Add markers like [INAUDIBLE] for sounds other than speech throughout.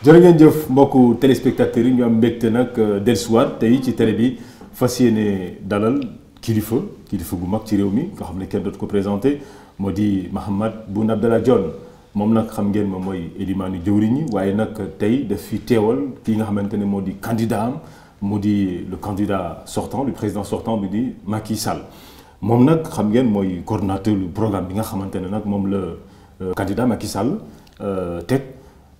jërë ngeen jëf mbokku téléspectateurs yi ñu am mbégte nag euh, dellusiwaat tey ci télé bi fas yéene dalal kilifa kilifa gu mag ci réew mi nga xam ne kenn dootu ko présenté moo di Mahammed Boun Abdallah Dionne moom nag xam ngeen moom mooy élimaanu jëwriñ ñi waaye nag tey daf fi teewal fii nga xamante ne moo di candidat am mu di le candidat sortant le président sortant bi di Macky Sall moom nag xam ngeen mooy coordinateur lu programme bi nga xamante ne nag moom la euh, candidat Macky Sall euh, teg.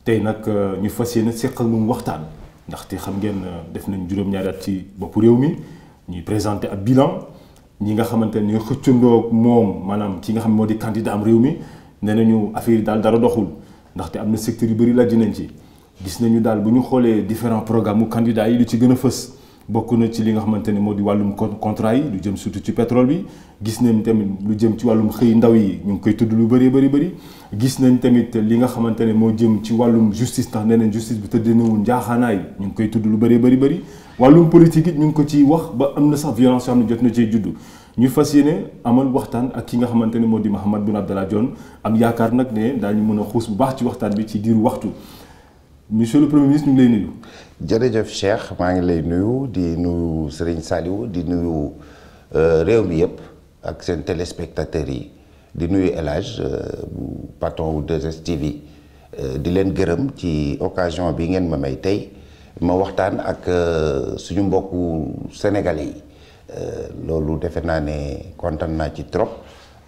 tey nag euh, ñu fas yéene seqal moom waxtaan ndaxte xam ngeen euh, def nañ juróom-ñaari at ci boppu réew mi ñuy présenté ab bilan ñi nga xamante ne ñooy xëccandoo moom maanaam ki nga xam moo di candidat am réew mi nee nañu affaire yi daal dara doxul ndaxte am na secteur yu bëri laaj nañ ci gis nañu daal bu ñu xoolee différents programmes mu candidats yi lu ci gën a fës. bokk na ci li nga xamante ne moo di wàllum contra yi lu jëm surtout ci pétrole bi gis nañ tamit lu jëm ci wàllum xëy ndaw yi ñu ngi koy tudd lu bëri bëri bëri gis nañ tamit li nga xamante ne moo jëm ci wàllum justice ndax nee nañ justice bi tëddee nawul njaaxaanaay ñu ngi koy tudd lu bëri bëri bëri wàllum politique it ñu ngi ko ci wax ba am na sax violence yoo xam ne jot na cee juddu ñu fas yéene amal waxtaan ak ki nga xamante ne moo di Mahammed Boun Abdallah Dionne am yaakaar nag ne ñu mën a xuus bu baax ci waxtaan bi ci diiru waxtu monsieur le premier ministre ñu ngi lay nuyu jërëjëf Cheikh maa ngi lay nuyu di nuyu Serigne Saliou di nuyu euh, réew mi yëpp ak seen téléspectateurs yi di nuyu élage Hadj euh, bu patron wu 2STV euh, di leen gërëm ci occasion bi ngeen ma may tey ma waxtaan ak suñu mbokku sénégal yi loolu defe naa ne kontaan ci trop.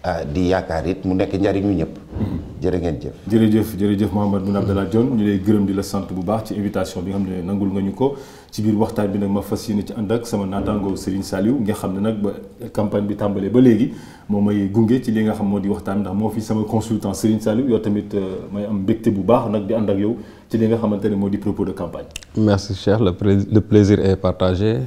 Ah, di yaakaar it mu nekk njariñu ñëpp. Mhm. jërë ngeen jëf. jërëjëf jërëjëf Mouhamed Boun Abdallah Dionne ñu lay gërëm di la sant bu baax ci invitation bi nga xam ne nangul nga ñu ko biir waxtaan bi nag ma fas yéene ci ànd ak sama naataango Serigne nga xam ne nag ba campagne bi tàmbalee ba léegi moom may gunge ci li nga xam moo di waxtaan ndax moo fi sama consultant Serigne Saliou yow tamit euh, may am mbégte bu baax nag di ànd ak yow ci li nga xamante ne moo di propos de campagne. merci cher le plaisir est partagé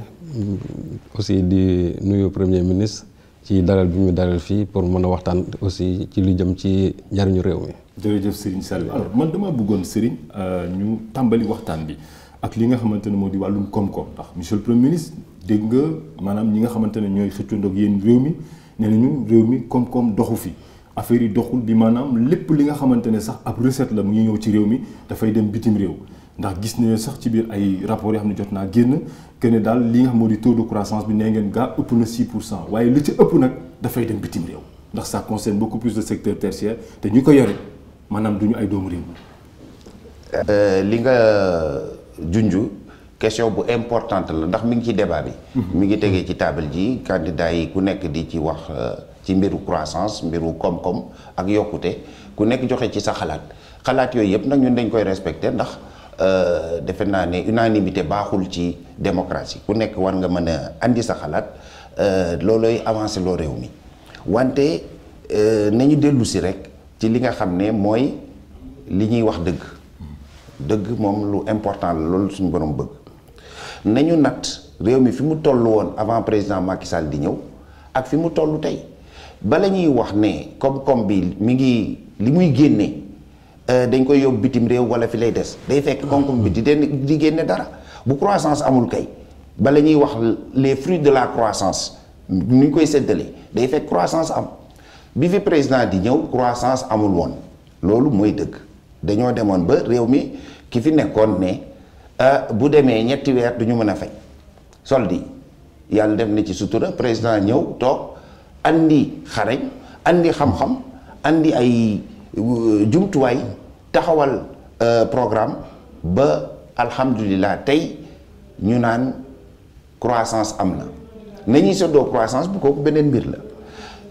aussi di nuyu premier ministre. ci dalal bi ñu dalal fii pour mën a waxtaan aussi ci lu jëm ci njariñu réew mi. jërëjëf Serigne Saliou alors man dama bëggoon Serigne euh, ñu tàmbali waxtaan bi ak li nga xamante ne moo di wàllum koom-koom ndax monsieur le premier ministre dégg nga maanaam ñi nga xamante ne ñooy xëccandoog yéen réew mi nee nañu réew mi koom-koom doxu fi. affaire yi doxul bi maanaam lépp li nga xamante ne sax ab recette la mu ngi ñëw ci réew mi dafay dem bitim réew ndax gis ne sax ci biir ay rapports yoo xam ne jot naa génn que ne daal li nga xam di taux de croissance bi nee ngeen gaa ëpp na 6 pour cent waaye li ci ëpp nag dafay dem bitim réew ndax ça concerne beaucoup plus de secteur tertiaire te ñu ko yore maanaam du ñu ay doomu réew. Euh, li nga euh, junju question bu importante la ndax mi ngi ci débat bi. Mm-hmm. mi ngi tegee ci table ji candidat yi ku nekk di ci wax euh, ci mbiru croissance mbiru koom-koom ak yokkute ku nekk joxe ci sa xalaat xalaat yooyu yëpp nag ñun dañ koy respecté ndax. Euh, defe naa ne unanimité baaxul ci démocratie ku nekk war nga mën a andi sa xalaat euh, loolooy avance loo réew mi wante euh, nañu dellu si rek ci li nga xam ne mooy li ñuy wax dëgg dëgg moom lu important la loolu suñu borom bëgg nañu nat réew mi fi mu toll woon avant président Macky Sall di ñëw ak fi mu toll tey bala ñuy wax ne koom-koom bi mi ngi li muy génne Euh, dañ koy yóbbu bitim réew wala fi lay des day fekk ah. koom-koom bi di den di génne dara bu croissance amul kay bala ñuy wax les fruits de la croissance ni ñu koy séddalee day fekk croissance am bi fi président di ñëw croissance amul woon loolu mooy dëgg dañoo demoon ba réew mi ki fi nekkoon ne euh, bu demee ñetti weer du ñu mën a fay soldi yi yàlla def na ci sutura président ñëw toog andi xarañ andi xam-xam andi ay jumtuwaay taxawal euh, programme ba alhamdulilah tey ñu naan croissance am na nañuy seddoo croissance bu kooku beneen mbir la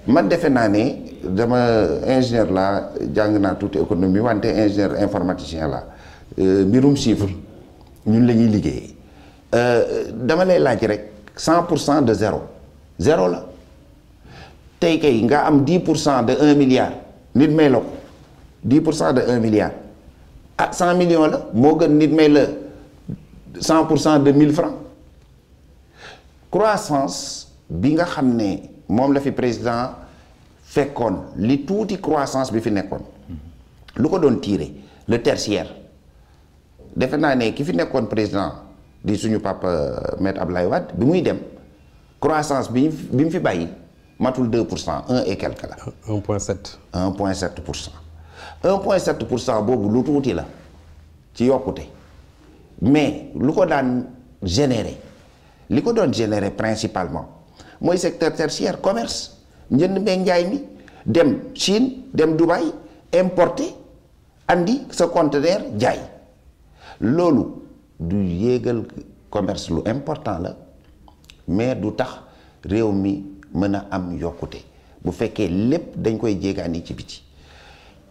man defe naa ne dama ingénieur la jàng naa tuuti économie wante ingénieur informaticien la euh, mbirum chiffre ñun la ñuy liggéeyee euh, dama lay laaj rek cent pour cent de zéro zéro la tey kay nga am dix pour cent de un milliard nit may la ko 10 pour cent de un milliard ah cent million la moo gën nit may la 100 pour cent de 1000 francs croissance bi nga xam ne moom la fi président fekkoon li tuuti croissance bi fi nekkoon lu ko doon tiire le tertiaire defe naa ne ki fi nekkoon président di suñu papa euh, maître Abdoulaye Wade bi muy dem croissance bi bi mu fi bàyyi matul 2 pour cent un et quelque la. 1 point 7. 1 pour cent. un point sept pour cent boobu lu tuuti la ci yokkute mais lu ko daan générer li ko doon générer principalement mooy secteur tertiaire commerce njënd meeg njaay mi dem Chine dem Dubaï importé andi sa conteneur jaay loolu du yéegal commerce lu important la mais du tax réew mi mën a am yokkute bu fekkee lépp dañ koy jéegaani ci biti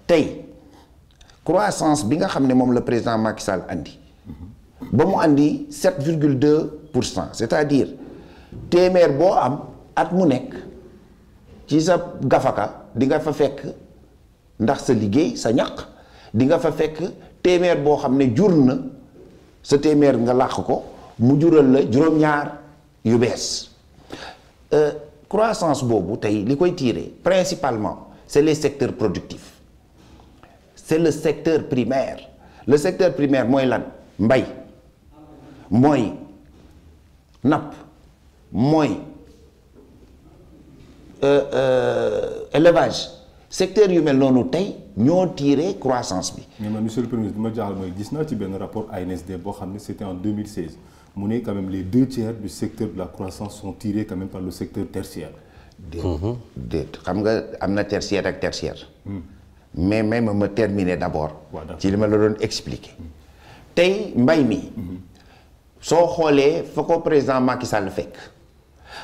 tey croissance bi nga xam ne moom la président Macky Sall andi ba mu andi 7 virgule 2 pour cent cest à diir téeméer boo am at mu nekk ci sa gafaka dinga fa fekk ndax sa liggéey sa ñaq di nga fa fekk téeméer boo xam ne jur na sa téeméer nga làq ko mu jural la juróom-ñaar yu bees euh, croissance boobu tey li koy tirer principalement c'est les secteurs productifs c'est le secteur primaire le secteur primaire mooy lan mbay mooy nap mooy euh, euh, élevage secteur yu mel noonu tey ñoo tiré croissance bi. mais man monsieur le ma jaaxal mooy gis naa ci benn rapport ANSD boo xam ne c'était en 2016 mu ne quand même les deux tiers du secteur de la croissance sont tirés quand même par le secteur tertiaire. xam nga am na tertiaire ak tertiaire. Hmm. mais mais ma ma terminer d'abord ci li ma la doon explique tey mbay mi soo xoolee fa ko président Macky Sall fekk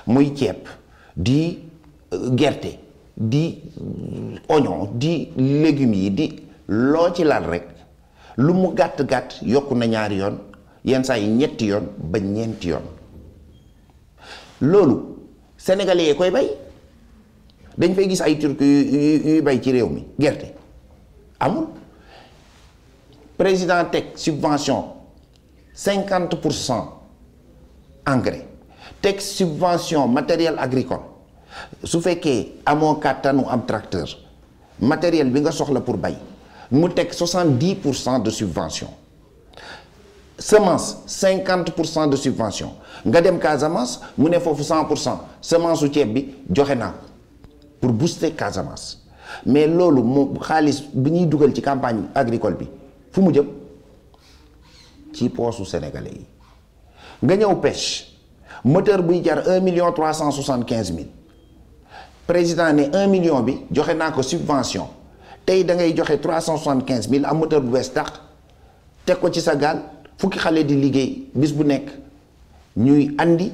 muy ceeb di euh, gerte di euh, oignon di légumes yi di loo ci laal rek lu mu gàtt-gàtt yokku na ñaari yoon yenn saa yi ñetti yoon ba ñeenti yoon loolu sénégalais yee koy bay dañ fay gis ay turc yuy bay ci réew mi gerte amul président teg subvention cinquante pour cent engrais teg subvention matériel agricole su fekkee amoo kàttanu am tracteur matériel bi nga soxla pour bay mu teg soixante dix pour cent de subvention semence cinquante pour cent de subvention nga dem Casamance mu ne foofu cent pour cent semence u ceeb bi joxe naa ko pour booster Casamance. mais loolu moom xaalis bi ñuy dugal ci campagne agricole bi fu mu jëm ci poosu sénégalais yi nga ñëw pêche moteur buy jar un million trois cent soixante quinze mille président ne un million bi joxe naa ko subvention tey da ngay joxe trois cent soixante quinze am moteur bu bees tax teg ko ci sa gaal fukki xale di liggéey bis bu nekk ñuy andi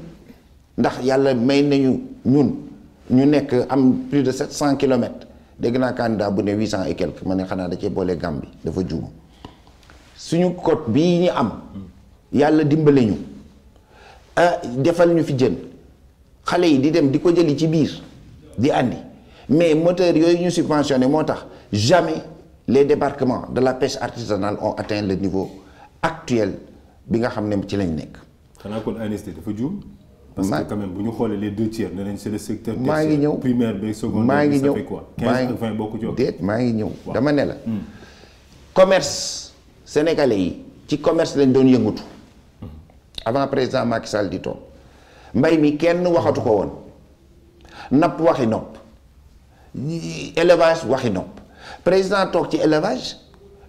ndax yàlla may nañu ñun ñu nekk am plus de sept cent kilomètres dégg naa candidat bu ne huit cent et quelque ma ne xanaa da cee boole Gambie dafa juum suñu code bii ñu am yàlla dimbale ñu ah defal ñu fi jën xale yi di dem di ko jëli ci biir di andi mais moteur yooyu ñu subventionné moo tax jamais les débarquements de la pêche artisanale ont atteint le niveau actuelle bi nga xam ne ci lañ nekk. xanaa kon dafa juum. parce que bu ñu xoolee les deux tiers danañ c'est maa ngi ñëw primaire beeg secondaire bi ça fait quoi. maa ngi ñëw 15 20 bokku ci déet maa ngi ñëw dama ne la. Hmm. commerce sénégalais yi ci commerce lañ doon yëngatu. avant président Macky Sall di toog mbay mi kenn waxatu ko woon napp waxi nopp élevage waxi nopp président toog ci élevage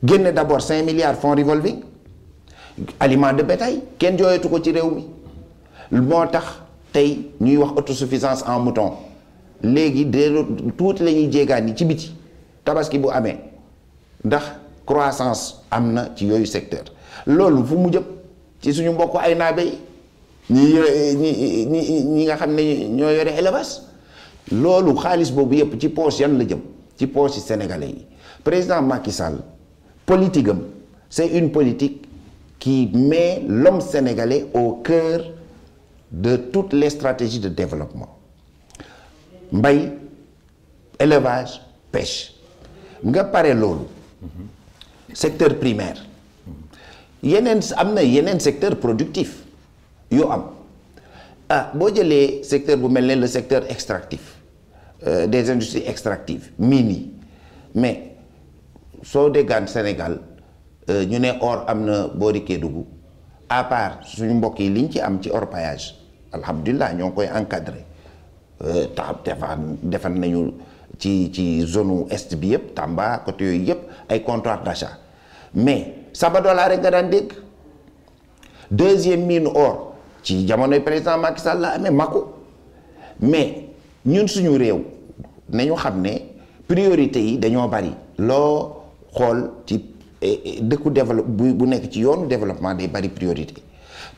génne d'abord 5 milliards fonds revolving aliments de bétail kenn jooyatu ko ci réew mi. moo tax tey ñuy wax autosuffisance en mouton léegi de tuuti la ñuy jéegaan yi ci biti tabaski bu amee ndax croissance am na ci yooyu secteur loolu fu mu jëm ci suñu mbokk ay naabe yi ñi ñi ñi nga xam ne ñoo yore élevage loolu xaalis boobu yëpp ci poche yan la jëm ci poche yi sénégalais yi président Macky Sall politique am c'est une politique qui met lom sénégalais au cœur de toutes les stratégies de développement mbay élevage pêche nga pare loolu secteur primaire yeneen am na yeneen secteur productif yu am ah boo jëlee secteur bu mel ne le secteur extractif euh, des industries extractives mines yi mais soo déggaan Sénégal euh, ñu ne or am na boori Kédougou à part suñu mbokk yi liñ ci am ci orpaillage alhamdulilah ñoo koy koy encadré euh, ta defar defal nañu ci ci zone wu est bi yëpp Tamba côté yooyu yëpp ay comptoir d'achat mais Sabadola rek nga daan dégg deuxième mine or ci jamonoy président Macky Sall la amee Mako mais ñun suñu réew nañu xam ne priorité yi dañoo bari loo xool ci eh, eh, dëkku develop bu nekk ci yoonu développement day bari priorité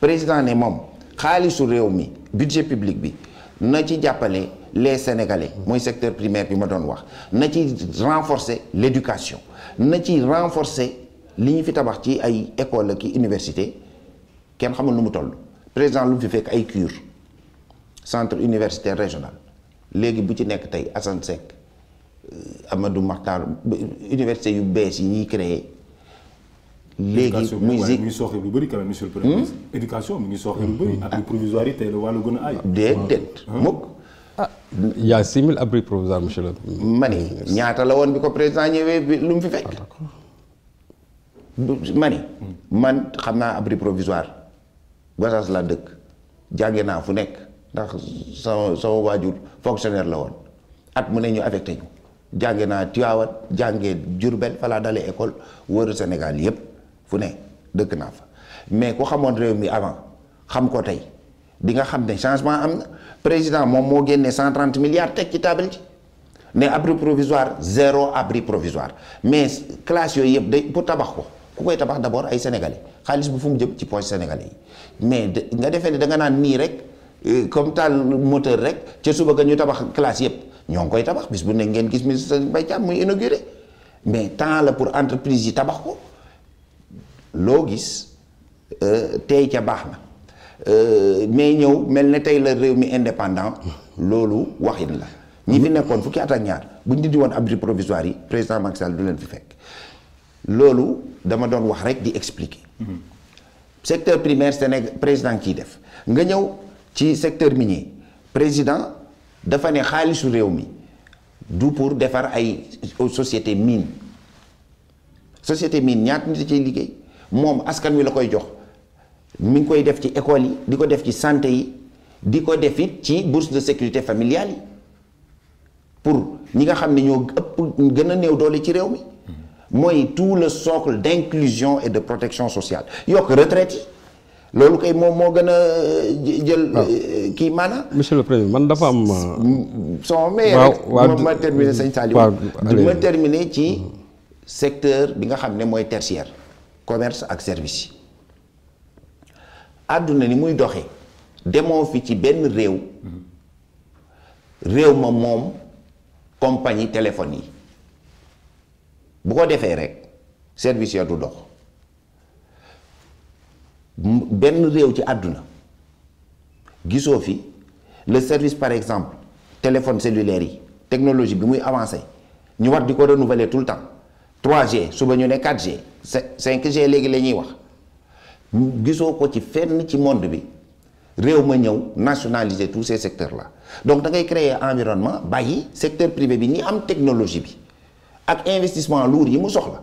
président ne moom xaalisu réew mi budget public bi na ci jàppale les sénégalais mooy secteur primaire bi ma doon wax na ci renforcer l'éducation na ci renforcer li ñu fi tabax ci ay école ak université kenn xamul nu mu toll président lu mu fi fekk ay CUR centre universitaire régional léegi bu ci nekk tey Assane Seck Amadou Makhtar université yu bees yi ñuy créer léegi musique mi ngi sooxe lu bëri quand même monsieur le premier hmm? ministre abri provisoire yi tey la wàllu a aay hmm? ah. hmm? a six mille abris provisoires ma ñaata la woon bi ko président ñëwee bi lu mu fi fekk ah, ma ni man xam naa abri provisoire Gossas laa dëkk jànge naa fu nekk ndax so sama waajur fonctionnaire la woon at mu ne ñu affecté ñu jànge naa Tivaouane jànge Diourbel falaa dalee école wër Sénégal yépp fu ne dëkk naa fa mais ku xamoon réew mi avant xam ko tey di nga xam ne changement am na président moom moo génnee 130 milliards teg ci table ji ne abri provisoire zéro abri provisoire mais classe yooyu yëpp day pour tabax ko ku koy tabax d'abord ay sénégalais xaalis bu fu mu jëm ci poche sénégalais yi mais nga defee ne da nga naan nii rek euh, comme tal moteur rek ca suba ga ñu tabax classe yëpp ñoo ngi koy tabax bis bu ne ngeen gis ministre Mbaye Thiam muy inauguré mais temps la pour entreprise yi tabax ko. loo gis euh, tey ca baax na euh, mais ñëw mel ne tey la réew mi indépendant loolu waxin la ñi fi nekkoon fukki at ak ñaar buñ dindi woon abri provisoire yi président Macky du leen fi fekk loolu dama doon wax rek di expliquer secteur primaire Sénégal président kii def nga ñëw ci secteur minier président dafa ne xaalisu réew mi du pour defar ay société mine société mine ñaata nit a ciy liggéey moom askan wi la koy jox mi ngi koy def ci école yi di ko def ci santé yi di ko def it ci bourse de sécurité familiale yi pour ñi nga xam ne ñoo ëpp gën a néew doole ci réew mi mooy tout le socle d'inclusion et de protection sociale yokk retraite yi loolu kay moom moo gën a euh, jël ah. euh, kii maanaam. monsieur le président man dafa am. Euh, son mais rek moom ma terminer sëñ Saliou ma terminer ci secteur bi nga xam ne mooy tertiaire. commerce ak service yi àdduna li muy doxee demoo fi ci benn réew réew ma moom compagnie téléphone yi bu ko defee rek service ya du dox benn réew ci àdduna gisoo fi le service par exemple téléphone cellulaire yi technologie bi muy avancé ñu war di ko renouveler tout temps trois g suba ñu ne 4G cinq g léegi la ñuy wax gisoo ko ci fenn ci monde bi réew ma ñëw nationaliser tous ces secteurs là donc da ngay créer environnement bàyyi secteur privé bi ñu am technologie bi ak investissement lourd yi mu soxla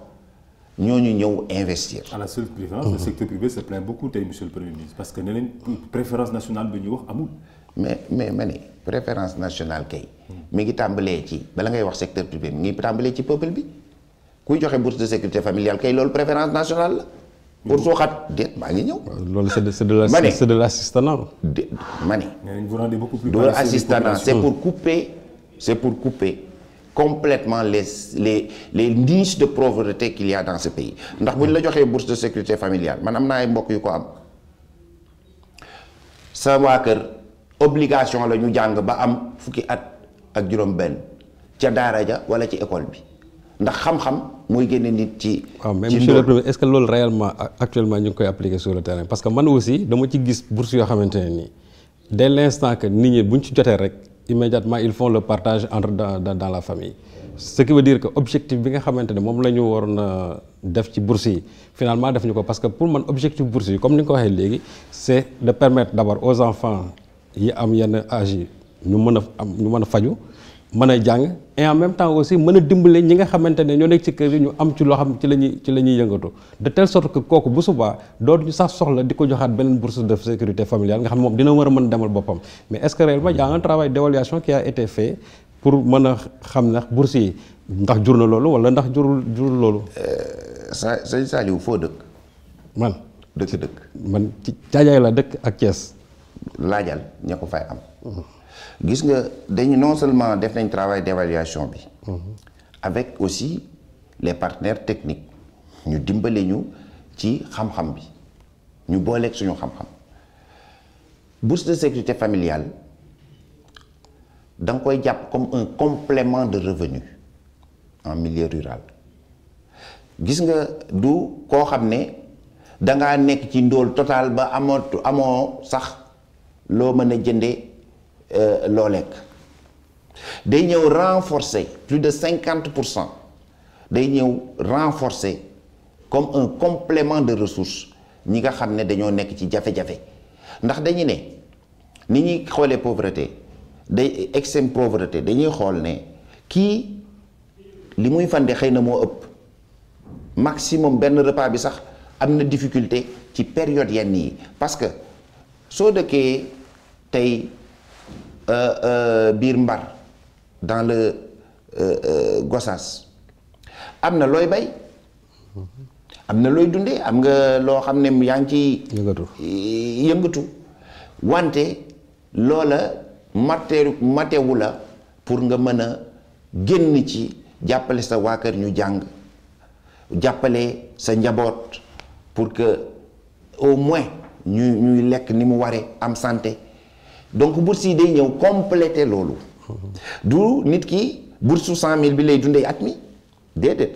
ñoo ñu ñëw investir. à la seule préférence le secteur privé se plaint beaucoup tey monsieur le premier parce que ne leen préférence nationale bi ñu wax amul. mais mais ma ne préférence nationale kay. mi ngi tàmbalee ci bala ngay wax secteur privé mi ngi tàmbalee ci peuple bi. kuy joxe bourse de sécurité familiale kay loolu préférence nationale la. pour soo xat déet maa ngi ñëw. Euh, loolu c'est de c'est de la de l'assistanat. déet ma ne. vous rendez beaucoup plus. de l'assistanat c'est pour couper c'est pour couper complètement les les les niches de pauvreté qu'il y a dans ce pays ndax bu ñu la joxee bourse de sécurité familiale man am naa ay mbokk yu ko am sa waa kër obligation la ñu jàng ba am fukki at ak juróom-benn ca daara ja wala ci école bi. ndax xam-xam mooy génne nit ci. waaw mais monsieur le est-ce que loolu réellement actuellement ñu ngi koy appliquer sur le terrain parce que man aussi dama ci gis bourse yoo xamante ne nii dès l'instant que nit ñi buñ ci jotee rek immédiatement il font le partage entre dans la famille. ce qui veut dire que objectif bi nga xamante ne moom la ñu waroon a def ci bourse yi finalement def ñu ko parce que pour man objectif bourse yi comme ni nga ko waxee léegi c'est de permettre d'abord aux enfants yi am yenn âge yi ñu mën am ñu mën a faju mën a jàng en même temps aussi mën a dimbale ñi nga xamante ne ñoo nekk ci kër yi ñu am ci loo xam ci la ñuy ci la ñuy yëngatu de telle sorte que kooku bu subaa dootuñu sax soxla di ko joxaat beneen bourse de sécurité familiale nga xam moom dina war a mën demal boppam mais est-ce que réellement y a un travail d'évaluation qui a été fait pour mën a xam ndax bourse yi ndax jur na loolu wala ndax jurul jurul loolu. Euh, sa sëñ Saliou foo dëkk. man dëkk dëkk. man ci Caajaay la dëkk ak Thiès. laajal ña ko fay am. Mm-hmm. gis nga dañu non seulement def nañ travail d'évaluation bi avec aussi les partenaires techniques ñu dimbale ñu ci xam-xam bi ñu booleeg suñu xam-xam bourse de sécurité familiale danga koy jàpp comme un complément de revenu en milieu rural gis nga du koo xam ne dangaa nekk ci ndóol total ba amoo amoo sax loo mën a jëndee Euh, loo lekk day ñëw renforcer plus de cinquante pour cent day ñëw renforcer comme un complément de ressource ñi nga xam ne dañoo nekk ci jafe-jafe ndax dañu ne ni ñuy xoolee pauvreté day extrême pauvreté dañuy xool ne kii li muy fande xëy na moo ëpp maximum benn repas bi sax am na difficulté ci période yenn yi parce que soo dëkkee tey Euh, euh, biir Mbar dans le euh, Gossas am na looy bay am na looy dunde am nga loo xam ne yaa ngi ci yëngatu wante loola mateeru matewu la pour nga mën a génn ci jàppale sa waa kër ñu jàng jàppale sa njaboot pour que au moins ñuy ñuy lekk ni mu waree am santé donc bourse yi day ñëw complété loolu du nit ki bourse cent mille bi lay dundee at mi déedéet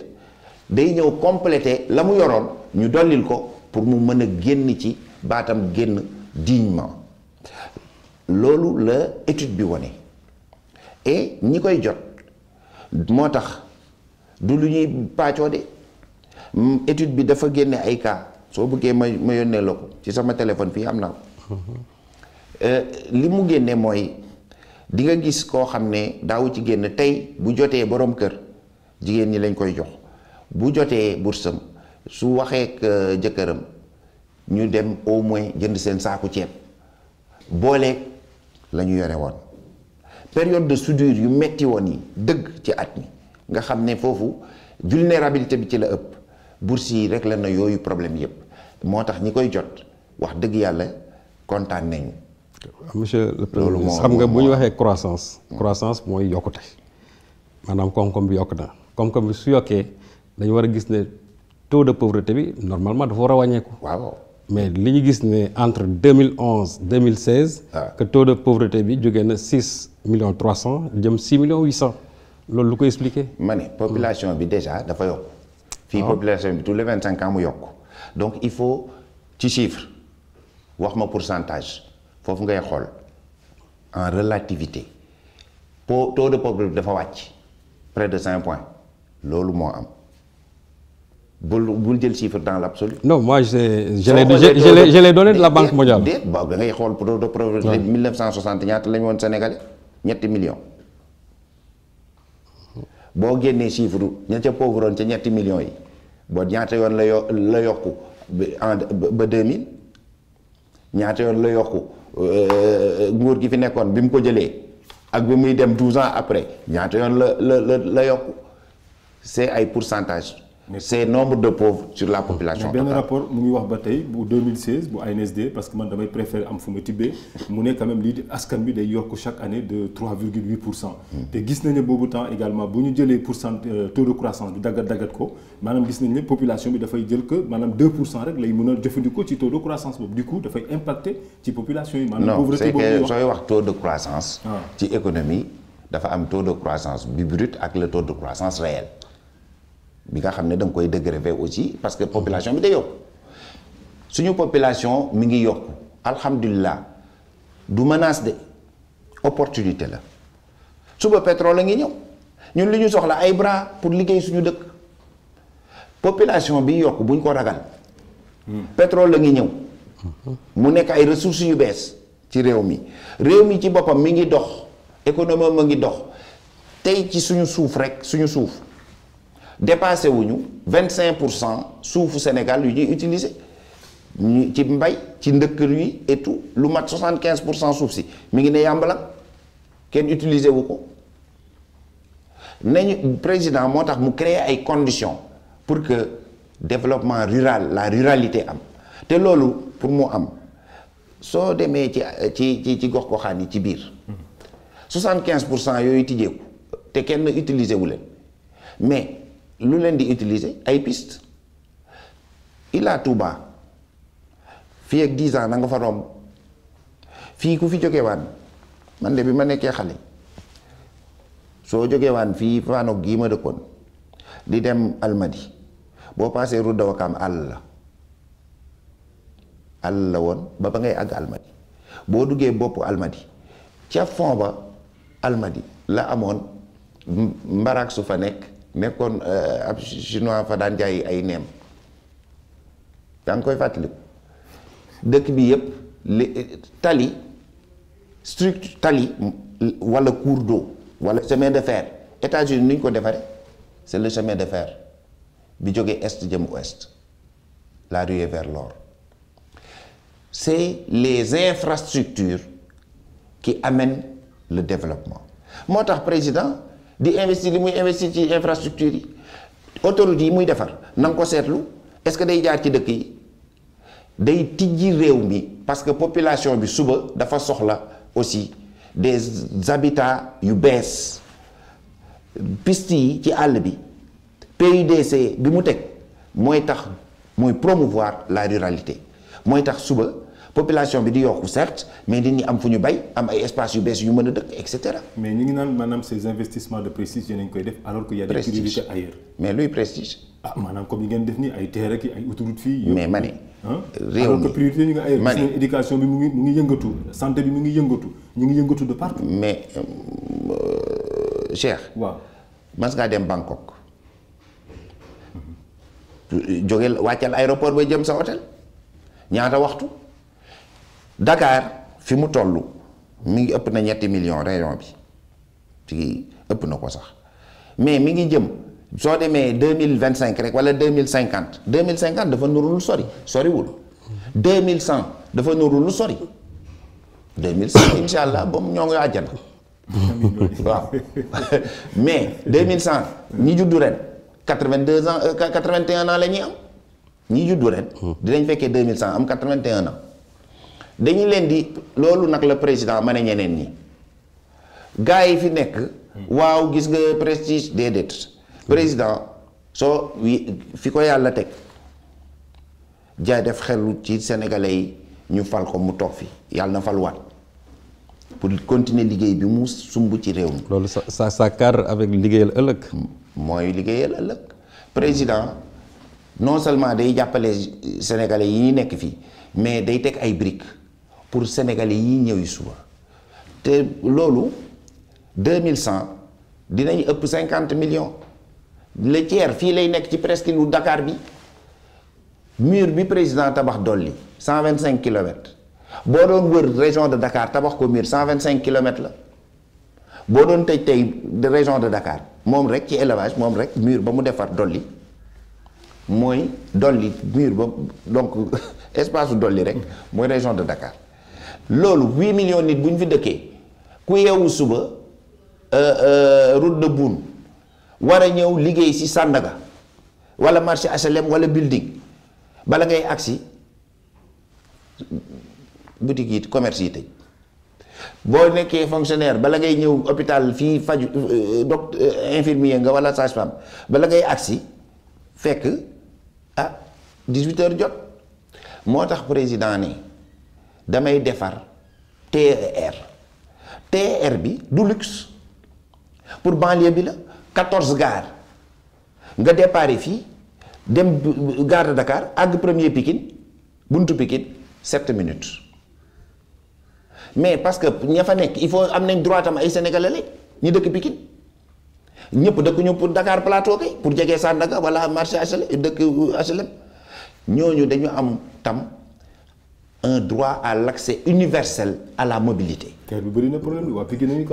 day ñëw complété la mu yoroon ñu dollil ko pour mu mën a génn ci baatam génn dignement loolu la étude bi wone et ñi koy jot moo tax du lu ñuy paacoo de hmm, étude bi dafa génne ay cas soo bëggee ma ma yónnee la ko ci sama téléphone fii am naa ko mm-hmm. Euh, li mu génnee mooy di nga gis koo xam ne daawu ci génn tey bu jotee borom kër jigéen ñi lañ koy jox bu jotee bursam su waxee ak euh, jëkkëram ñu dem au moins jënd seen saaku ceeb booleeg la ñu yore woon période de soudure yu metti woon yi dëgg ci at mi nga xam ne foofu vulnérabilité bi ci la ëpp bourse yi rek la na yooyu problème yépp moo tax ñi koy jot wax dëgg yàlla kontaan nañu monsieur le président xam nga bu ñu waxee croissance croissance mooy yokkute maanaam koom-koom bi yokk na koom-koom bi su yokkee dañu war a gis ne taux de pauvreté bi normalement dafa war a wàññeeku waaw mais li ñu gis ne entre 2011 2016 ah. que taux de pauvreté bi jógee na six millions trois cent jëm six millions huit cent loolu lu ko expliquer ma ne population bi déjà dafa yokk fii ah. population bi tous les vingt cinq ans mu yokk donc il faut ci chiffre wax ma pourcentage foofu ngay xool en relativité po taux de pauvreté dafa wàcc près de cinq points loolu moo am bul bul jël chiffre dans la absolu. non moi je je l'ai je l'ai donné la banque mondiale. déet waaw da ngay xool taux de pauvreté bi 1960 ñaata ñetti million boo génnee chiffre ña ca pauvre ñetti millions yi boo ñaata yoon la la yokku en ba 2000 ñaata yoon la yokku. Euh, nguur gi fi nekkoon bi mu ko jëlee ak bi muy dem douze ans après ñaata yoon la la la la yokku c'est ay pourcentage c'est nombre de pauvres sur la population totale benn rapport mu ngi wax ba tey bu 2016 bu ANSD parce que man damay préférer am fu ma tibbee mu ne quand même lii di askan bi day yokk chaque année de 3,8 pour cent te gis nañ ne boobu temps également bu ñu jëlee pourcent euh, de croissance bi daggat daggat ko maanaam gis nañ ne population bi dafay jël que maanaam 2 pour cent rek lay mën a jëfandikoo ci taux de croissance boobu du coup dafay impacter ci population yi maanaam pauvreté boobu bi nga xam ne da koy dégrever aussi parce que population bi day yokk suñu population mi ngi yokk alhamdulilah du menace de opportunité la suba pétrole a ngi ñëw ñun li ñu soxla ay bras pour liggéey suñu dëkk population bi yokk buñ ko ragal pétrole la ngi ñëw mu nekk ay ressources yu bees ci réew mi réew mi ci boppam mi ngi dox économie ma ngi dox tey ci suñu suuf rek suñu suuf dépassé wuñu vingt cinq pour cent suufu Sénégal yu ñuy utiliser ñu ci mbay ci ndëkkal yi et tout lu mat soixante quinze pour cent suuf si mi ngi ne yàmbalang kenn utiliser wu ko nañu président moo tax mu créer ay conditions pour que développement rural la ruralité am te loolu pour mu am soo demee ci ci ci ci gox goxaan yi ci biir soixante quinze pour cent yooyu tijjeeku te kenn utiliser wu leen mais lu leen di utiliser ay piste Ila Touba fii ak 10 ans na nga fa romb fii ku fi jógewaan man de bi ma nekkee xale soo jógewaan fii faanoog gii ma dëkkoon di dem Almadi boo paasee route àll la àll la woon ba ba ngay àgg Almadi boo duggee boppu Almadi ca fond ba Almadi la amoon mbarak su fa nekk nekkoon euh, ab chinois fa daan jaay ay neem daa ngi koy fàttaliku dëkk bi yëpp li tali structure tali wala cours d'eau wala chemin de fer États-Unis ni ñu ko defaree c'est le chemin de fer bi jógee est jëm ouest la rue est vers l'or c'est les infrastructures qui amènent le développement moo tax président di investir li muy investir ci infrastructure yi autoroute muy defar na nga ko seetlu est-ce que day jaar ci dëkk yi day tijji réew mi parce que population bi suba dafa soxla aussi des habitats yu bees piste yi ci àll bi p PUDC bi mu teg mooy tax mooy promouvoir la ruralité mooy tax suba population bi di yokku certes mais nit ñi am fu ñu bay am ay espace yu bees yu mën a dëkk et mais ñu ngi naan maanaam ces investissements de prestige yéen a ngi koy def alors que y a des priorités ailleurs. mais luy prestige. ah maanaam comme yi ngeen def nii ay terre ak ay autoroute fii. mais ma ah? bi mu ngi mu ngi yëngatu bi mu ngi yëngatu ñu ngi yëngatu de mais euh, euh, Cheikh. waaw dem Bangkok. jógeel wàccal aéroport bay jëm sa hôtel ñaata waxtu. dakaar fi mu toll mi ngi ëpp na ñetti million région bi ci ëpp na ko sax mais mi ngi jëm soo demee deux mille vingt cinq rek wala deux mille cinquante deux mille cinquante dafa nuru lu sori soriwul deux mille cent dafa nuru lu sori deux mille incha allah ba mu ñoo ngi àjjana waaw [LAUGHS] mais deux mille cent ñi juddu ren quatre vingt deux ans euh, quatre vingt et un ans la ñuy am ñi juddu di dinañ fekkee deux mille cent am quatre vingt et un dañu leen di loolu nag la président ma ne ñeneen ñi gars yi fi nekk. waaw gis nga prestige déedéet. président soo fi ko yàlla teg jaay def xelu ci sénégalais yi ñu fal ko mu toog fi yàlla na faluwaat pour continuer liggéey bi mu sumb ci réew mi. loolu sa sa sa cadre avec liggéeyal ëllëg. mooy liggéeyal ëllëg président non seulement day jàppale sénégalais yi nekk fii mais day teg ay briques. pour sénégalais yi ñëw yi suba te loolu deux mille cent dinañ ëpp cinquante millions le fii lay nekk ci presque u dakaar bi mur bi président tabax dolli cent vingt cinq kilomètres boo doon wër région de Dakar tabax ko mur cent vingt cinq kilomètres la boo doon tey tey région de dakaar moom rek ci élevage moom rek mur ba mu defar dolli mooy dolli mur ba donc [LAUGHS] espace dolli rek mooy région de Dakar loolu huit million nit bu ñu fi dëkkee ku yeewu suba euh, euh, route de Boune war a ñëw liggéey si Sandaga wala marché HLM wala building bala ngay agsi boutique yi commerce yi tëj boo nekkee fonctionnaire bala ngay ñëw hôpital fii faju euh, docteur infirmier nga wala sage bala ngay agsi fekk ah 18 jot moo tax président ni damay defar TER TER bi du luxe pour banlieue bi la 14 gares nga déparé fii dem gare de Dakar àgg premier Pikine buntu Pikine 7 minutes mais parce que ña fa nekk il faut am nañ droit am ay sénégalais la ñu dëkk Pikine ñëpp dëkk ñu pour Dakar plateau kay pour jege Sandaga wala marché HLM dëkk HLM ñooñu dañu am tam. un droit à l'accès universel à la mobilité. bi bëri na problème bi nañ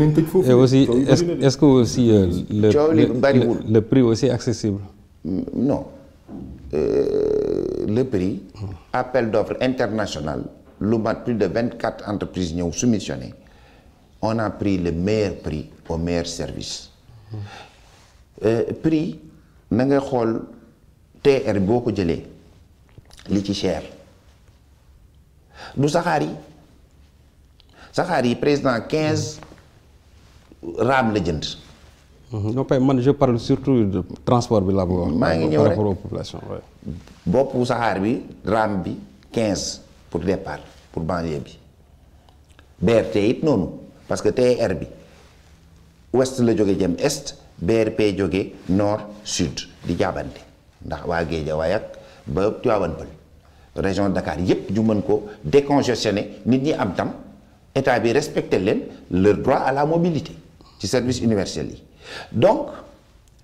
leen tëj foofu. et aussi est-ce, que aussi. Euh, le, le, le, prix aussi accessible. Mm, non euh, le prix. appel d'offres international lu mat plus de vingt quatre entreprises ñëw soumissionné on a pris le meilleur prix au meilleur service. Euh, prix na nga xool TR boo ko jëlee li ci cher. du saxaar yi saxaar yi président quinze raam la jënd. non mhm. pas man je parle surtout transport bi laa bëgg maa ngi ñëw rek par boppu saxaar bi raam bi 15 pour départ pour banlieue bi BRT it noonu parce que TER bi ouest la jóge jëm est BRP jóge nord sud di jaabante ndax waa Géejawaay ak ba Tivaouane Peulh région Dakar yépp ñu mën ko décongestionner nit ñi am tam état bi respecter leen leur droit à la mobilité ci service universel yi donc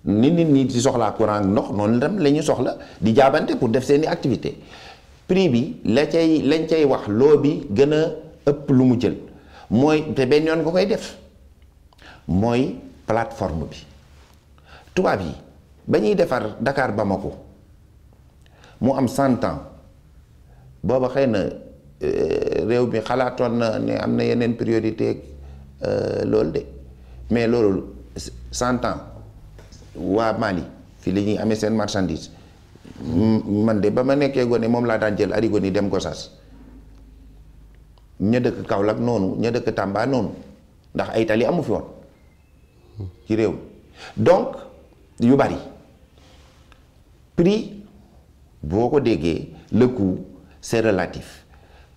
ni nit ñi di soxlaa courant ndox noonu tam la ñu soxla di jaabante pour def seeni activité prix bi la lañ cay wax loo bi gën a ëpp lu mu jël mooy te benn yoon nga koy def mooy plateforme bi tubaab yi ba ñuy defar Dakar Bamako mu am 100 ans booba xëy na euh, réew mi xalaatoon na ne am na yeneen priorité euh, loolu de mais loolu cent ans waa Mali fii li ñuy amee seen marchandise man de ba ma nekkee gone moom laa daan jël arigo ni dem Gossas ña dëkk Kaolack noonu ña dëkk Tamba noonu ndax ay tali amu fi woon ci réew donc yu bari prix boo ko déggee le c'est relatif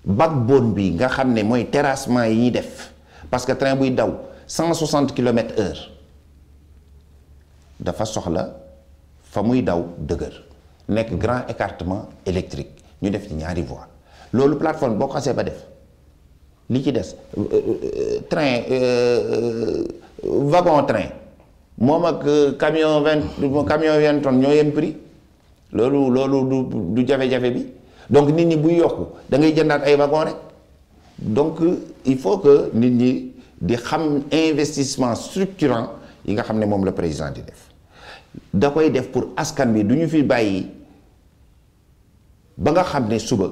backbone bi nga xam ne mooy terrassement yi ñuy def parce que train buy daw 160 kilomètres heure dafa soxla fa muy daw dëgër nekk grand écartement électrique ñu def ci ñaari voie loolu plateforme boo ko xasee ba def li ci des euh, euh, euh, train vagon train moom ak camion vingt camion vingt tonnes ñoo yem prix loolu loolu du du jafe-jafe bi donc nit ñi buy yokk da ngay jëndaat ay wagon rek donc il faut que nit ñi di xam investissement structurant yi nga xam ne moom la président di def da koy def pour askan bi du ñu fi bàyyi ba nga xam ne suba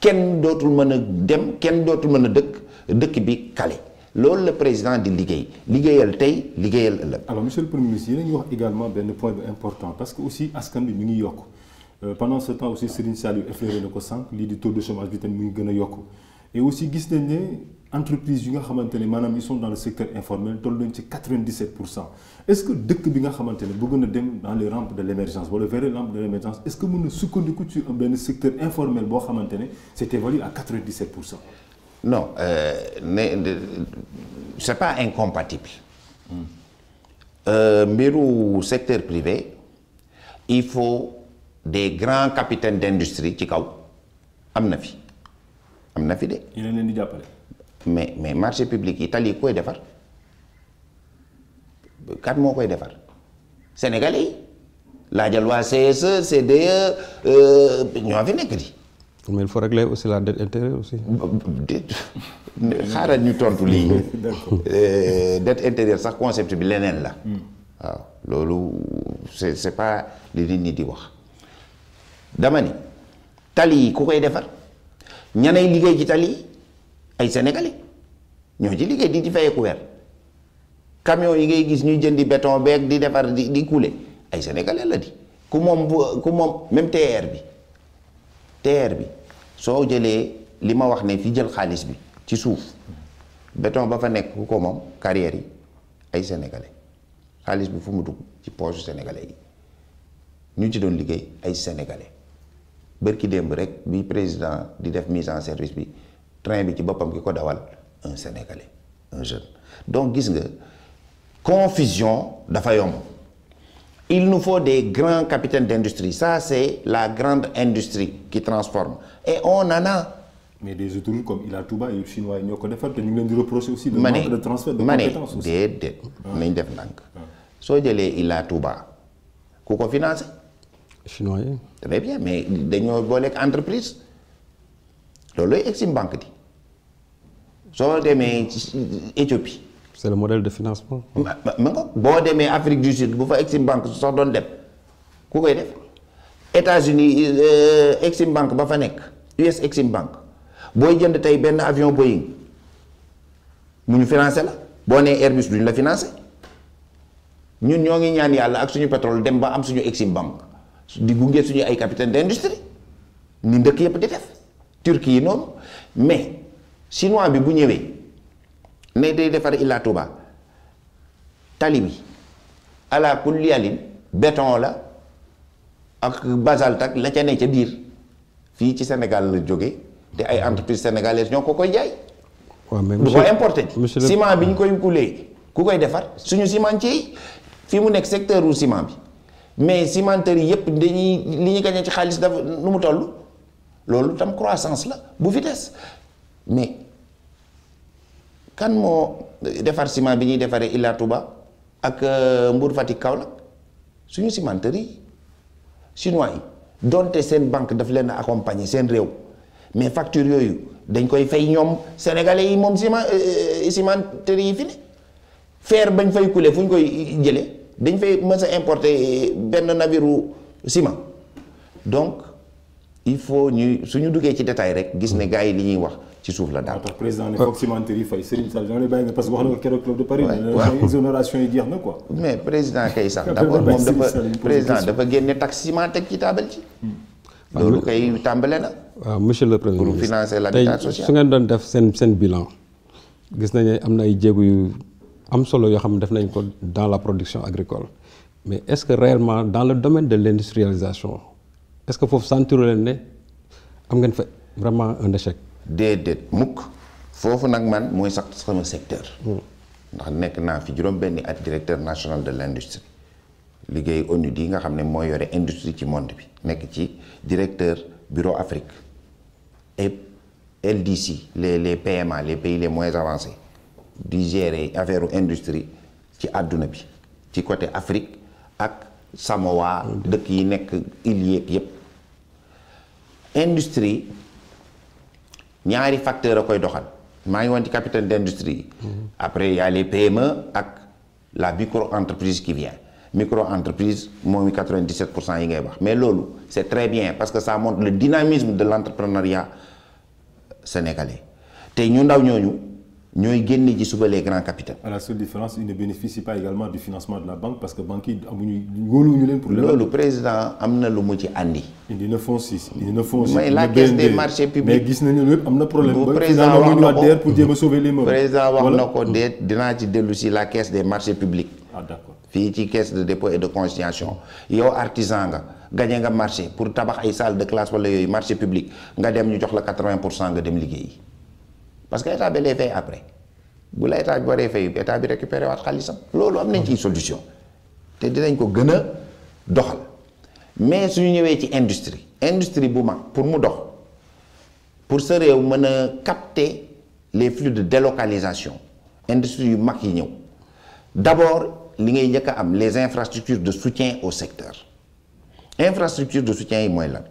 kenn dootul mën a dem kenn dootul mën a dëkk dëkk bi kale loolu la président di liggéey liggéeyal tey liggéeyal ëllëg. alors monsieur le premier ministre yéen a ngi wax également benn point bu important parce que aussi askan bi mu ngi yokk. Euh, pendant ce temps aussi Serigne Saliou effleuré na ko sànq lii di taux de chômage bi mu ngi gën yokk et aussi gis nañ ne entreprise yi nga xamante ne maanaam ils sont dans le secteur informel toll nañ ci est-ce que dëkk bi nga xamante ne bëgg na dem dans les rampes de l'émergence wala vers les rampes de l'émergence est-ce que mën na sukkandiku ci benn secteur informel boo xamante ne c'est évalué à 97 pour cent. non euh, euh, c'est pas incompatible. Hmm. mbiru hum. euh, secteur privé il faut. des grands capitaines d'industrie ci kaw am na fi am na fi de. yéen leen di jàppale. mais marché public yi tali koy defar kat moo koy defar sénégalais yi laajal waa CSE CDE euh, ñoo fi nekk di. aussi la dette aussi. xaaral ñu tontu lii. [LAUGHS] Euh, dette intérieure sax concept bi leneen la. Hmm. waaw loolu c'est c'est pas li nit ñi di wax. dama ni tali yi ku koy defar ñanay liggéey ci tali yi ay sénégalais ñoo ci liggéey di ci ku weer camion yi ngay gis ñuy jëndi beton beeg di defar di di couler ay sénégalais la di ku moom ku moom même TER bi TER bi soo jëlee li ma wax ne jël xaalis bi ci suuf béton ba fa nekk ko moom carrière yi ay sénégalais xaalis bi fu mu dugg ci poche sénégalais yi ñu ci doon liggéey ay sénégalais. bërki démb rek bi président di def mise en service bi train bi ci boppam ki ko dawal un sénégalais un jeune donc gis nga confusion dafa yomb il nous faut des grands capitaines d'industrie ça c'est la grande industrie qui transforme et on en a mais des autoroutes comme Ilatuba yu chinois ñoo ko defar te ñu ngi leen di reprocher aussi de manque de transfert de compétences aussi ma ah. ne nañ def ndànk soo jëlee Ilatuba ku ko financé chinois yi. très bien mais dañoo booleeg entreprise loolu lay Exim banque di soo demee Éthiopie. c'est le modèle de financement. ma ma nga boo demee Afrique du Sud bu fa Exim banque sax doon dem ku koy def États-Unis Exim euh, banque ba fa nekk US Exim banque booy jënd tey benn avion Boeing mu ñu financé la boo nee Airbus duñ la financé ñun ñoo ngi ñaan yàlla ak suñu pétrole dem ba am suñu Exim banque. di gunge suñu ay capitaine d'industrie ni ndëkk yëpp di def turki yi noonu mais chinois bi bu ñëwee ne day defar Ila Touba tali bi ala kulli alin beton la ak basalte ak la ca ne ca biir fii ci Sénégal la jóge te ay entreprise sénégalaises ñoo ko koy jaay. waaw mais du ko importé. ciment bi ñu koy kulee ku koy defar suñu cimentier yi fi mu nekk secteur ru bi. mais cimenterie yépp dañuy li ñu gañee ci xaalis dafa nu mu toll loolu tam croissance la bu fi des mais kan moo defar ciment bi ñuy defaree Ila Touba ak euh, Mbour Fatick Kaolack suñu cimenterie yi chinois yi donte seen banque daf leen accompagner seen réew mais facture yooyu dañ koy fay ñoom sénégalais yi moom ciment euh, euh, cimenterie yi fi ne fer bañ fay couler fu ñu koy jëlee. dañ fay mën sa importer benn naviru ciment donc il faut ñuy suñu duggee ci détail rek gis ne gars yi li ñuy wax ci suuf la daal. tax président ne foog cimenterie fay Serigne Sall lay bàyyi nga parce que wax na ko keroog club de Paris. waaw exonération yi jeex na quoi. mais président kay sax d' abord moom dafa président dafa génne taxe ciment teg ci taabal ci. Hmm. Ah, loolu kay tàmbale na. waaw monsieur le président pour financer l'habitat social. tey su ngeen doon def seen seen bilan gis nañu am na ay jéego yu. am solo yoo xam ne def nañ ko dans la production agricole mais est-ce que réellement dans le domaine de l'industrialisation est-ce que foofu sentiru leen ne am ngeen fa vraiment un échec. déedéet mukk foofu nag man mooy sax sama secteur. Hmm. ndax nekk naa fi juróom-benni at directeur national de l'industrie liggéey ONUD yi nga xam ne mooy yore industrie ci monde bi nekk ci directeur bureau Afrique et LDC les les PMA les pays les moins avancé di gérer affaire industrie ci àdduna bi ci côté Afrique ak Samoa dëkk yi nekk îles yeeg yépp industrie ñaari facteur a koy doxal maa ngi woon ci capitaine d'industrie yi mhm. après y a les PME ak la micro entreprise qui vient micro entreprise moomi 97 pour cent yi ngay wax mais loolu c'est très bien parce que ça montre le dynamisme de l'entrepreneuriat sénégalais te ñu ndaw ñooñu ñooy génne ji suba les grands capitaux. à la seule différence ils ne bénéficient pas également du loolu président am na lu mu ci andi. indi na fonds na fonds six. mooy la caisse des marché publics mais gis nañu lépp am na problème. bu président wax na ko pour jéem wax ko déet dinaa ci dellu si la caisse des marché publics. ah fii ci caisse de dépôt et de consignation yow artisan nga gañe nga marché pour tabax ay salle de classe wala yooyu marché public nga dem ñu jox la 80 pour cent nga dem liggéeyi. parce que état bi lay fay après bu la état bi waree fay état bi récupéré waat xaalisam loolu am nañ ciy solution te dinañ ko gën a doxal mais suñu ñëwee ci industrie industrie bu mag pour mu dox pour sa réew mën a capter les flux de délocalisation industrie yu mag yi ñëw d'abord li ngay njëkk am les infrastructures de soutien au secteur infrastructure de soutien yi mooy la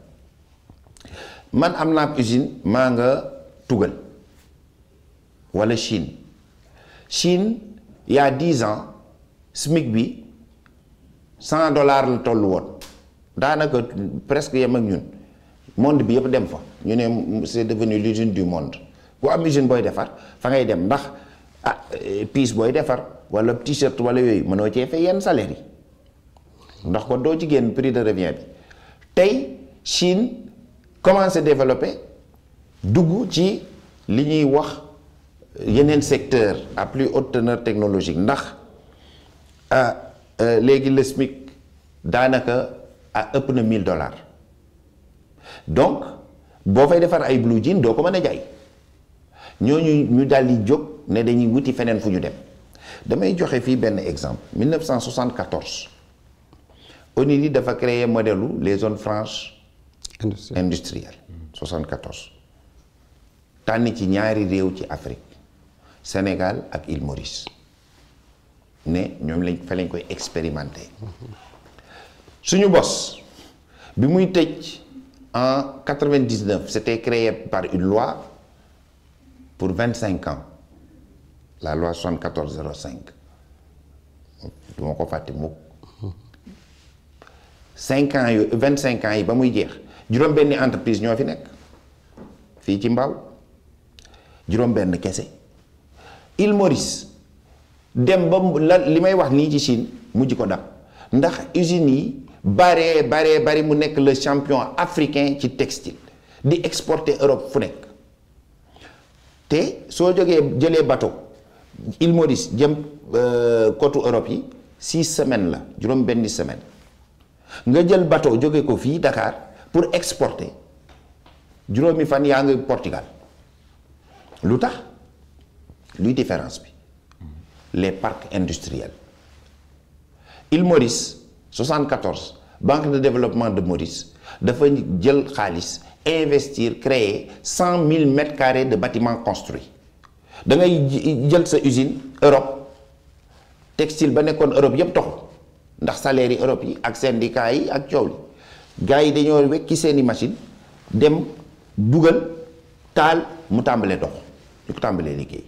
man am naa usine maa nga tugal wala Chine Chine il y a dix ans SMIC bi cent dollars la toll woon daanaka presque yem ak ñun monde bi yëpp dem fa ñu ne c'est lu l'usine du monde boo am usine booy defar fa ngay dem ndax ah pièce booy defar wala t-shirt wala yooyu mënoo cee fay yenn salaire yi ndax kon doo ci génn prix de revient bi tey Chine commencé développé dugg ci li ñuy wax. yeneen secteur à plus haute teneur technologique ndax ah léegi le SMIC daanaka a ëpp na 1000 dollars donc boo fay defar ay blue jean doo ko mën a jaay ñoo ñu ñu daal di jóg ne dañuy wuti feneen fu ñu dem damay joxe fii benn exemple 1974 ONIRI dafa créer modèle les zones franches industrielles 74 tànn ci ñaari réew ci Afrique. Sénégal ak île Maurice ne ñoom lañ fa lañ koy expérimenté suñu bos bi muy tëj en 99 c'était créé par une loi pour vingt cinq ans la loi 7405 du ma ko fàtte mukk cinq ans vingt cinq yi ba muy jeex juróom-benni entreprise ñoo fi nekk fii ci mbaaw juróom-benn kese Île Maurice dem ba li may wax nii ci Chine mujj ko dab ndax usines yi baree baree bari mu nekk la champion africain ci textile di exporter Europe fu nekk te soo jogee jëlee bateau Île Maurice jëm euh, côte Europe yi six semaines la juróom benn semaine nga jël bateau jóge ko fii dakaar pour exporter juróomi fan yaa ngi Portugal lu tax luy différence bi les parcs industriels Île Maurice 74 banque de développement de Maurice dafa jël xaalis investir créer 100 000 mètres carrés de batiment construits da ngay jël sa usine Europe textile ba nekkoon Europe yëpp taxul ndax salaire yi Europe yi ak syndicat yi ak coow li gars yi dañoo wekki seeni machine dem dugal taal mu tàmbalee dox ñu ko tàmbalee liggéey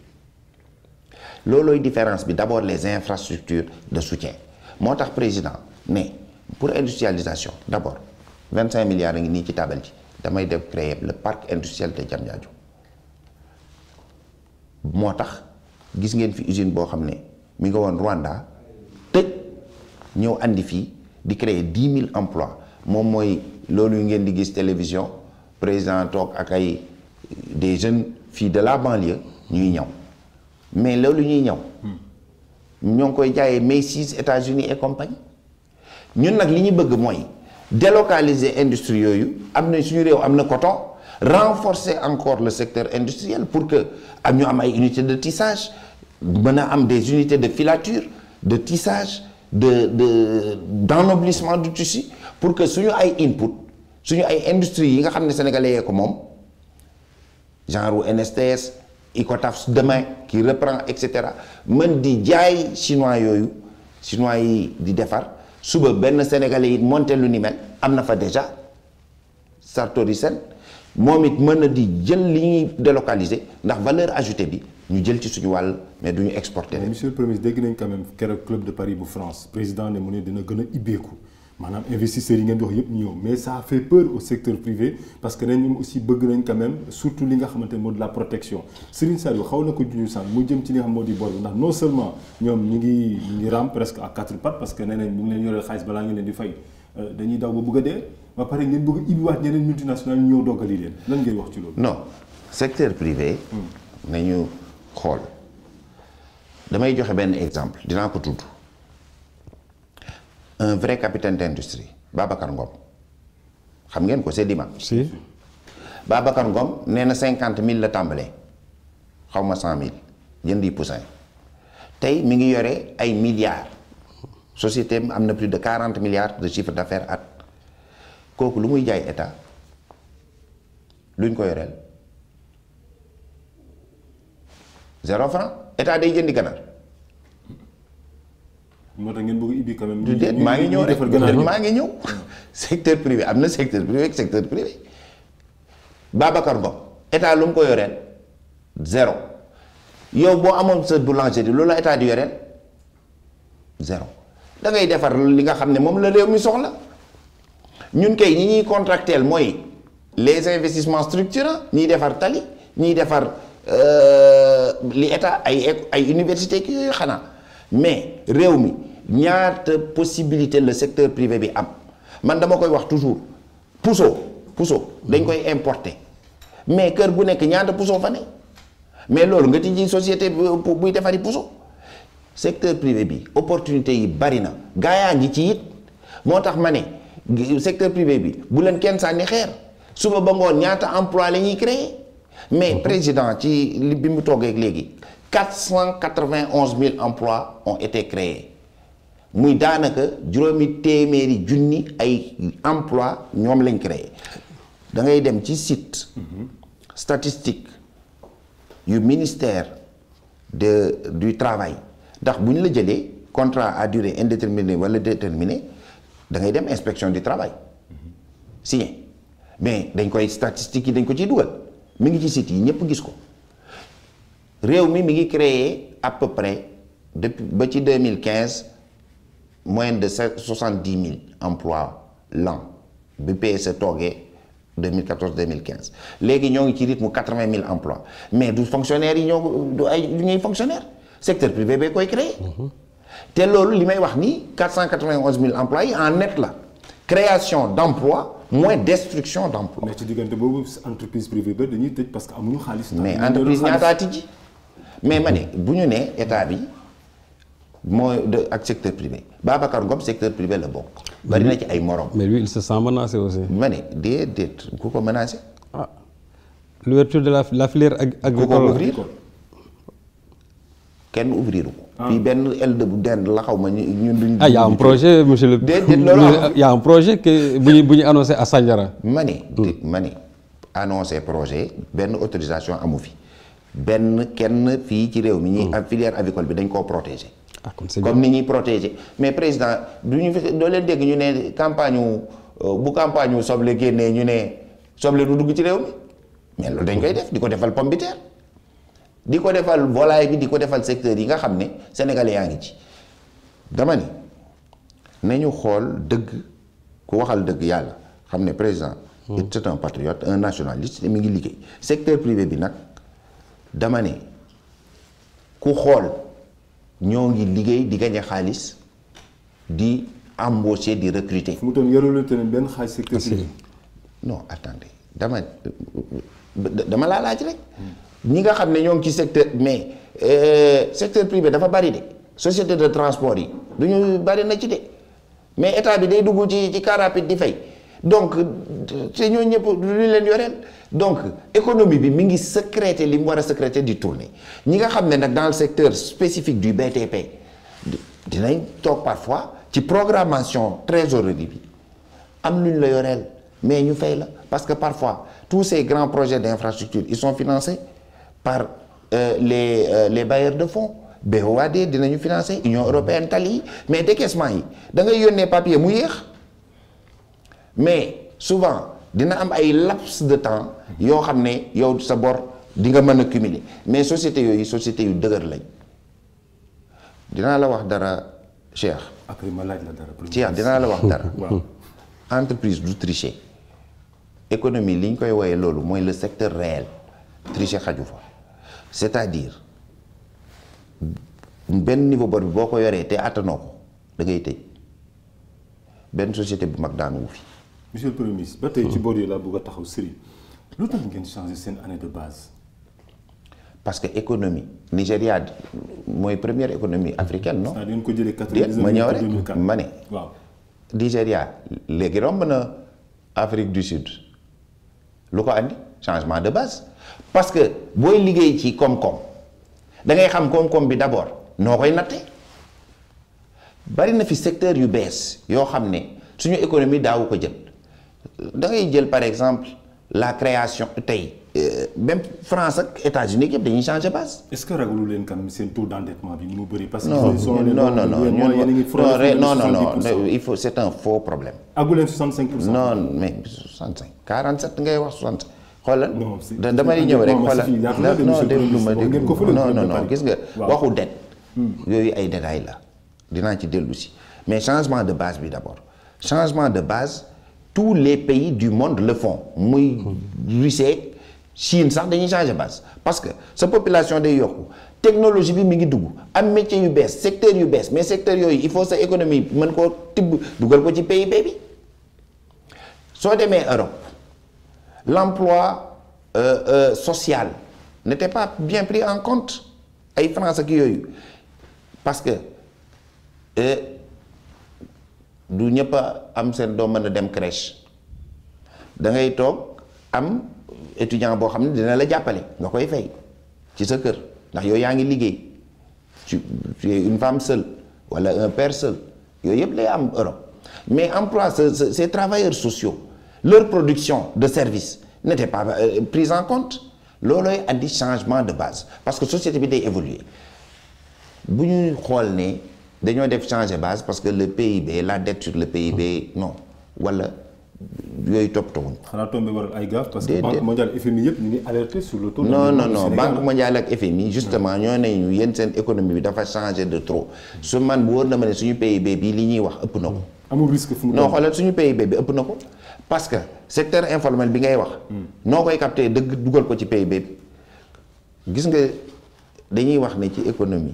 loolooy différence bi d'abord les infrastructures de soutien moo tax président ne pour industrialisation d'abord 25 milliards a ngi nii ci tabal ji damay dem créer le parc industriel de Diamniadio moo tax gis ngeen fi usine boo xam ne mi nga woon Rwanda tëj ñëw indi fii di créer 10 mille emplois moom mooy loolu yu ngeen di gis télévision président toog ak ay des jeunes fii de la banlieue ñuy ñëw mais loolu ñuy ñëw hmm. ñoo ngi koy jaayee Macy's États-Unis et compagnie ñun nag li ñu bëgg mooy délocaliser industrie yooyu am na suñu réew am na coton renforcer encore le secteur industriel pour que am ñu am ay unité de tissage mën a am des unités de filature de tissage de de d'ennoblissement du tissu pour que suñu ay input suñu ay industrie yi nga xam ne sénégalais yee ko moom genre NSTS ko ICOTAF demain qui reprend et cetera mën di jaay chinois yooyu chinois yi di defar suba benn sénégalais it monte lu ni mel am na fa déjà Sartori Sen moom it mën na di jël li ñuy délocaliser ndax valeur ajoutée bi ñu jël ci suñu wàll mais du ñu exporter. monsieur le premier ministre dégg nañ quand même keroog club de Paris bu France président ne mu ne dina gën a ibbeeku. maanaam investisseurs yi ngeen di wax yëpp ñëw mais ça fait peur au secteur privé parce que ren ñoom aussi bëgg nañ quand surtout li nga xamante ne moo di la protection Serigne Saliou xaw na ko junj sànq mu jëm ci li nga xam moo di bor bi ndax non seulement ñoom ñi ngi ñu ngi raam presque à quatre pattes parce que nee nañ bu ngi leen yoreel xaalis balaa ngeen leen di fay euh, dañuy daw ba bëgg a dee ba pare ngeen bëgg a ibbiwaat multinationale ñu doggali leen lan ngay hmm. damay joxe benn exemple dinaa ko tudd. un vrai capitaine d'industrie Babacar Ngom xam ngeen ko Sedima. si Babacar Ngom nee na cinquante mille la tàmbalee xaw ma cent mille jëndi poussin tey mi ngi yore ay milliards société am na plus de quarante milliards de chiffre d'affaires at kooku lu muy jaay état luñ ko yoreel zéro franc état day jëndi ganaar moo tax ngeen bëgg ubbi quand même. maa ngi ñëw rek maa ngi ñëw. secteur privé am na secteur privé ak secteur privé. Babacar Ngom état lu mu ko yoreen zéro yow boo amoon sa di loolu la état di yoreen zéro da ngay defar li nga xam ne moom la réew mi soxla ñun kay ñi ñuy contracteel mooy les investissement structurants ñiy defar tali ñiy defar euh, li état ay ay université ki yooyu xanaa mais réew mi. ñaata possibilité le secteur privé bi am man dama koy wax toujours puso puso dañ koy importer mais kër gu nekk ñaata puso fa ne mais loolu nga tijji société buy defari puso secteur privé bi opportunité yi bari na gaa yaa ngi ci it moo tax ma ne secteur privé bi bu leen kenn sànni xeer suba ba ngoon ñaata emploi lañuy ñuy créer mais mm-hmm. président ci bi mu toogee léegi quatre cent quatre-vingt-onze mille emploi on été créés muy daanaka juróomi téeméeri junni ay emploi ñoom lañ créé da ngay dem ci sit statistique yu ministère de du travail ndax bu ñu la jëlee contrat à dure indéterminée wala déterminée da dangay dem inspection du travail signé mais dañ koy statistiques yi dañ ko ciy dugal mi ngi ci sit yi ñëpp gis ko réew mi mi ngi créé à peu près depuis ba ci 2015 moyenne de soixante dix mille emplois l'an bi PSE toogee 2014 2015 léegi ñoo ngi ci rythme quatre vingt mille emplois mais du fonctionnaire yi ñoo du ay du ñuy fonctionnaire secteur privé bee koy créé. Mm-hmm. te loolu li may wax ni quatre cent quatre vingt onze mille emplois yi en net la création d' emploi moins destruction d' emploi. mais ci diggante boobu entreprise privée ba dañuy tëj parce que amuñu xaalis. mais entreprise ñaata a tijji mais ma bu ñu nee état bi. mooy de ak secteur privé Babacar Ngom secteur privé la bokk. bari na ci ay morom. mais lui il se sent menacé ma ne déedéet ku ko menacé. ah l'ouverture de la la filière agricole ku kenn ouvrir ko. Ah. fii benn elde bu dend la xaw ma ñun duñ. ah y' a un projet monsieur le. déedéet loolu [LAUGHS] projet que bu ñu bu ñu annoncé à Sandiara. ma ne. Hmm. ma projet benn autorisation amu fi benn kenn fii ci réew mi. ñuy hmm. filière avicole bi dañ koo protéger. Ah, comme ni ñuy protéger mais président du ñu fi doo leen dégg ñu ne campagne wu euh, bu campagne wu soble génnee ñu ne soble du dugg ci réew mi mais loolu dañ koy def di ko defal pomme de di ko defal volaille bi di ko defal secteur yi nga xam ne sénégalais yaa ngi ci dama ni nañu xool dëgg ku waxal dëgg yàlla xam ne président c'est hmm. un patriote un nationaliste mu ngi liggéey secteur privé bi nag dama ne ku xool ñoo ngi liggéey di gañe xaalis di embaucher di recruter. fu mu toll yorelu tamit benn xaalis secteur ah, privé. non attendez dama dama laa laaj rek. ñi nga xam ne ñoo ngi ci secteur mais euh, secteur privé dafa bari de société de transport yi du ñu bari na ci de mais état bi day dugg ci ci car di fay. donc te ñoo ñëpp lu leen yoreel donc économie bi mi ngi sécréter li mu war a sécréter di tourner ñi nga xam ne nag dans le secteur spécifique du BTP dinañ toog parfois ci programmation trésorerie bi am lu ñu la yoreel mais ñu fay la parce que parfois tous ces grands projets d'infrastructure ils sont financés par euh, les euh, les bailleurs de fonds BOAD dinañu financer Union européenne tali yi mais décaissement yi da ngay yónnee papier mu yéex. mais souvent dina am ay laps de temps yoo xam ne yow sa bor di nga mën a cumuler mais société yooyu société yu dëgër lañ dinaa la wax dara Cheikh. après ma laaj la dara. Cheikh dinaa la wax dara. waaw entreprise du tricher. économie li ñu koy woyee loolu mooy le secteur réel tricher xaju fa c'est-à-dire benn niveau bor boo ko yoree te attanoo ko da ngay tëj benn société bu mag daan fii monsieur le premier ministre. ba hmm. taxaw Serigne lu tax ngeen changer seen année de base. parce que économie Nigéria mooy première économie africaine non. ko jëlee quatre-vingt-dix-neuf ma ñëw rek ma ne. waaw Nigéria léegi romb na Afrique du Sud lu ko am changement de base parce que booy liggéey ci koom-koom da ngay xam koom-koom bi d'abord noo koy natte bari na fi secteur yu bees yoo xam ne suñu économie daawu ko jël. da ngay jël par exemple la création tey euh, même France ak États-Unis yëpp dañuy changer base. est-ce que ragalu leen kanam seen taux d'endettement bi mu il faut c'est un faux problème. àggu mais 65 47 ngay wax 60. xoolal damay ñëw rek xoolal non déglu ma gis nga waxu dette hmm. yooyu ay détails la dinaa ci dellu si mais changement de base bi d'abord changement de base tous les pays du monde le font muy Russie Chine sax dañuy changer base parce que sa population day yokku technologie bi mi ngi dugg am métier yu bees secteur yu bees mais secteur yooyu il faut sa économie mën koo tibb dugal ko ci PIB bi soo demee Europe l'emploi euh, euh, social n'était pas bien pris en compte ay France ak yooyu parce que euh, du ñëpp a am seen doom mën a dem crèche dangay toog am étudiant boo xam ne dina la jàppale nga koy fay ci sa kër ndax yow yaa ngi liggéey tu es une femme seule wala un yooyu yëpp lay am Europe mais emploi ces ces travailleurs sociaux leur production de service n'était pas euh, prise en compte loolooy andi changement de base parce que société bi day évoluer bu ñuy xool ne. dañoo def changer base parce que le PIB la dette sur le PIB non wala yooyu toppatawuñ ko. xanaa tombé waral ay gaaf. parce que banque mondiale yëpp ñu ngi alerté sur le taux. non non non ak FMI justement ñoo ne ñu yéen seen économie bi dafa changé de trop su man wóor na ma ne suñu PIB bii li ñuy wax ëpp na ko. amul risque fu mu non xoolal suñu PIB bi ëpp na ko parce que secteur informel bi ngay wax. Hmm. noo koy capté dëgg dugal ko ci PIB bi. gis nga dañuy wax ne ci économie.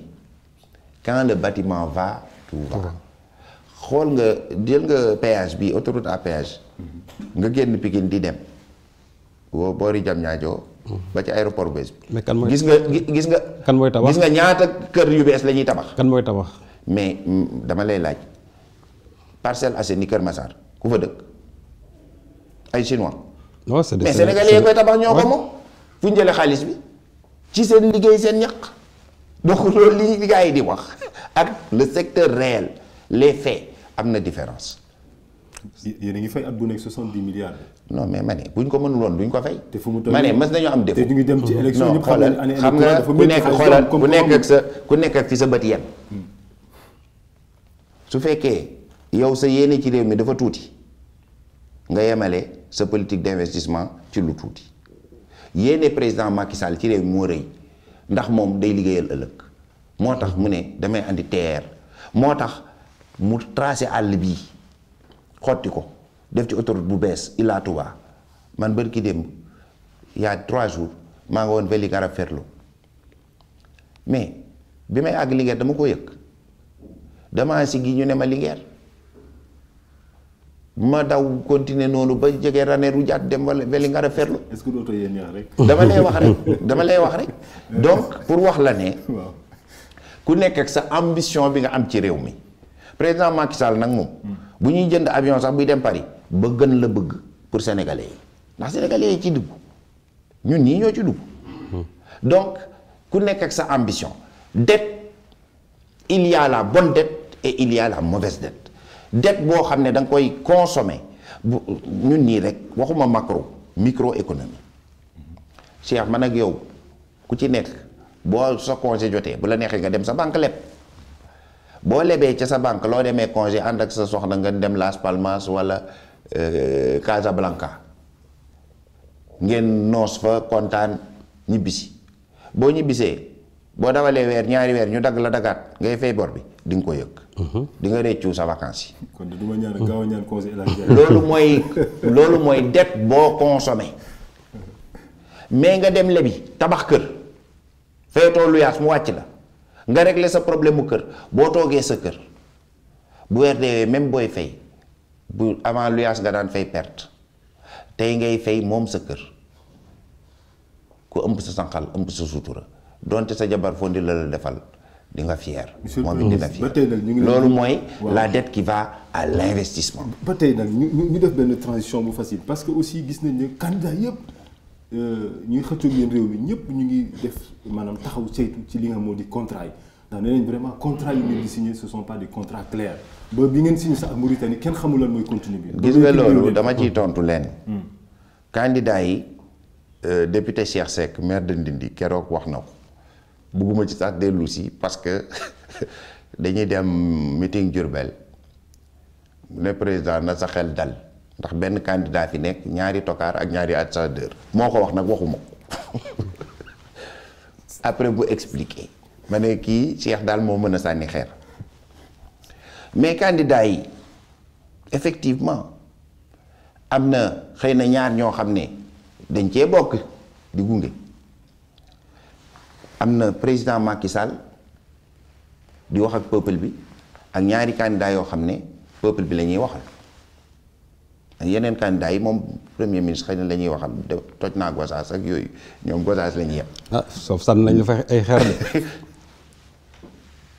quand le bâtiment va tout va xool nga jël nga péage bi autoroute à péage nga génn Pikine di dem woo boori Diamniadio ba ci aéroport bees bi. mais kan mooy gis nga gis nga. kan mooy tabax gis nga ñaata kër yu bees la ñuy tabax. kan mooy tabax. mais mm, dama lay laaj Parcelles Assainies Kër Massar ku fa dëkk ay chinois. mais sénégalais yi koy tabax ñoo ko moom. fu ñu xaalis bi ci seen liggéey seen ñaq. donc loolu li li di wax ak le secteur réel les faits am na différence. yéen a ngi fay at bu nekk 70 milliards. non mais ma ne bu ñu ko mënuloon woon ñu ko fay. te fu mu toll ma ne mës nañu am défaut te ñu ngi dem ci élection ñëpp xam nga xam nga ku nekk xoolal ku nekk ak sa ku nekk ak fi sa bët yem. Hmm. su fekkee yow sa yéene ci réew mi dafa tuuti nga yemale sa politique d'investissement ci lu tuuti yéene président Macky Sall ci réew mi moo rëy. ndax moom day liggéeyal ëllëg moo tax mu ne damay andi teer moo tax mu tracé àll bi xotti ko def ci autoroute bu bees Ila Touba man bari ki dem yaa trois jours maa nga woon Vélingara ak Ferlo mais bi may àgg Linguère dama ko yëg dama si gi ñu ne ma Linguère ma daw continuer noonu ba jege Ranérou Diatta dem wala Vélingara Ferlo. est-ce que dootoo yéen ñaar rek. dama lay wax rek dama lay wax rek [LAUGHS] donc pour wax la ne. ku nekk ak sa ambition bi nga am ci réew mi président Macky Sall nag moom. bu ñuy jënd abion sax buy dem Paris ba gën la bëgg pour sénégalais yi ndax sénégalais yi ci dugg ñu ñii ñoo ci dugg. donc ku nekk ak sa ambition dette il y a la bonne dette et il y a la dette boo xam ne danga koy consommer bu ñun nii rek waxuma macro microéconomie Cheikh man ak yow ku ci nekk boo sa congé jotee bu la neexee nga dem sa banque leb boo lebee ca sa banque loo demee congé ànd ak sa soxna nga dem Las Palmas wala euh, Casablanca ngeen noos fa kontaan ñibbisi boo ñibbisee boo dawalee weer ñaari weer ñu dagg la dagaat ngay fay bi di nga ko yëg. Mhm. di nga réccu sa vacances yi. kon du ma ñaan gaaw a ñaan conseil loolu mooy loolu mooy dette boo consommé mais nga dem lebi tabax kër feetoo luyaas mu wàcc la nga regle sa problème mu kër boo toogee sa kër bu weer deewee même booy fay bu avant luyaas nga daan fay perte tey ngay fay moom sa kër ku ëmb sa sanqal ëmb sa sutura donte sa jabar fondi la la defal. di nga fier moom it dina fier loolu mooy la dette qui va à l'investissement ba tey nag ñu ñu def benn transition bu facile parce que aussi gis nañ ne candidat yëpp euh, ñuy xëccoog yéen réew bi ñëpp ñu ngi def maanaam taxaw saytu ci li nga moo di contrat yi ndax nee nañ vraiment contrat yi ngeen di signé ce sont pas des contrats clairs ba bi ngeen signé sax ak Mauritanie kenn xamul lan mooy continue bi gis nga loolu dama ciy tontu leen hmm. candidat yi euh, député Cheikh Seck wax na bugguma ci sax dellusi si parce que [LAUGHS] dañuy dem meeting jurbel mu ne président na sa xel dal ndax benn candidat fi nekk ñaari tokaar ak ñaari ambassadeur moo ko wax nag waxuma ko [LAUGHS] après bu expliquer ma ne kii Cheikh daal moo mën a sànni xeer mais candidat yi effectivement am na xëy na ñaar ñoo xam ne dañ cee bokk di gunge am na président Macky Sall di wax ak peuple bi ak ñaari candidat yoo xam ne peuple bi la ñuy waxal ak yeneen candidat yi moom premier ministre xëy na la ñuy waxal toj naa Gosaas ak yooyu ñoom Gosaas la ñuy yem. ah sauf sànni nañ la ay xeer [LAUGHS]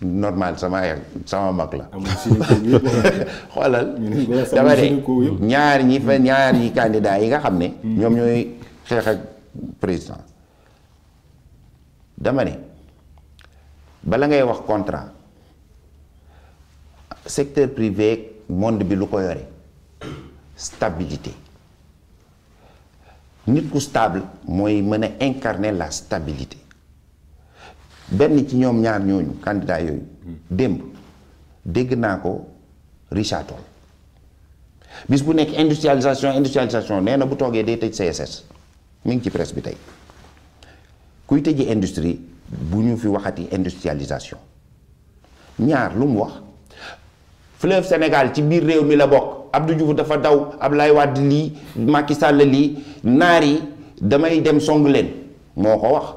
normal sama sama mag la. [LAUGHS] xoolal. dama ne ñaar ñi fa ñaar ñi candidat yi nga xam ne. ñoom ñooy xeex ak président. dama ne bala ngay wax contrat secteur privé monde bi lu ko yore stabilité nit ku stable mooy mën a incarner la stabilité benn ci ñoom ñaar ñooñu candidat yooyu démb dégg naa ko Richard Toll bis bu nekk industrialisation industrialisation nee na bu toogee day tëj CSS mi ngi ci presse bi tey kuy tëjee industrie bu ñu fi waxati industrialisation ñaar lu mu wax fleuve Sénégal ci biir réew mi la bokk Abdou Diouf dafa daw Abdoulaye Wade lii Macky sàll lii naar yi damay dem song leen moo ko wax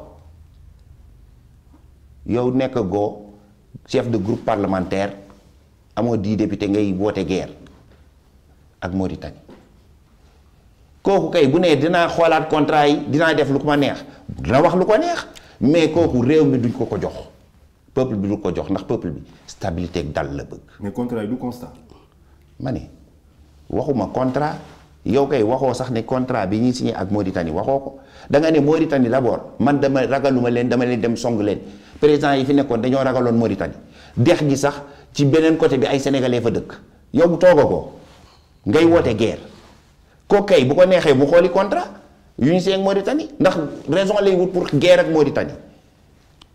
yow nekk goo chef de groupe parlementaire amoo di député ngay woote guerre ak Mauritanie kooku kay bu nee dinaa xoolaat contrat yi dinaa def lu ko ma neex dana wax lu ko neex mais kooku réew mi duñ ko ko jox peuple bi du ko jox ndax peuple bi stabilité ak dal la bëgg. mais contrat yi du constat. ma ne waxuma contrat yow kay waxoo sax ne contrat bi ñuy signé ak Mauritanie waxoo ko da nga ne Mauritanie d'abord man dama ragaluma leen dama leen dem song leen président yi fi nekkoon dañoo ragaloon Mauritanie dex gi sax ci beneen côté bi ay sénégalais fa dëkk yow toogoo ko ngay woote guerre. ko kay bu ko neexee bu xooli contrat UNICEF ak Mauritanie ndax raison lay wut pour guerre ak Mauritanie.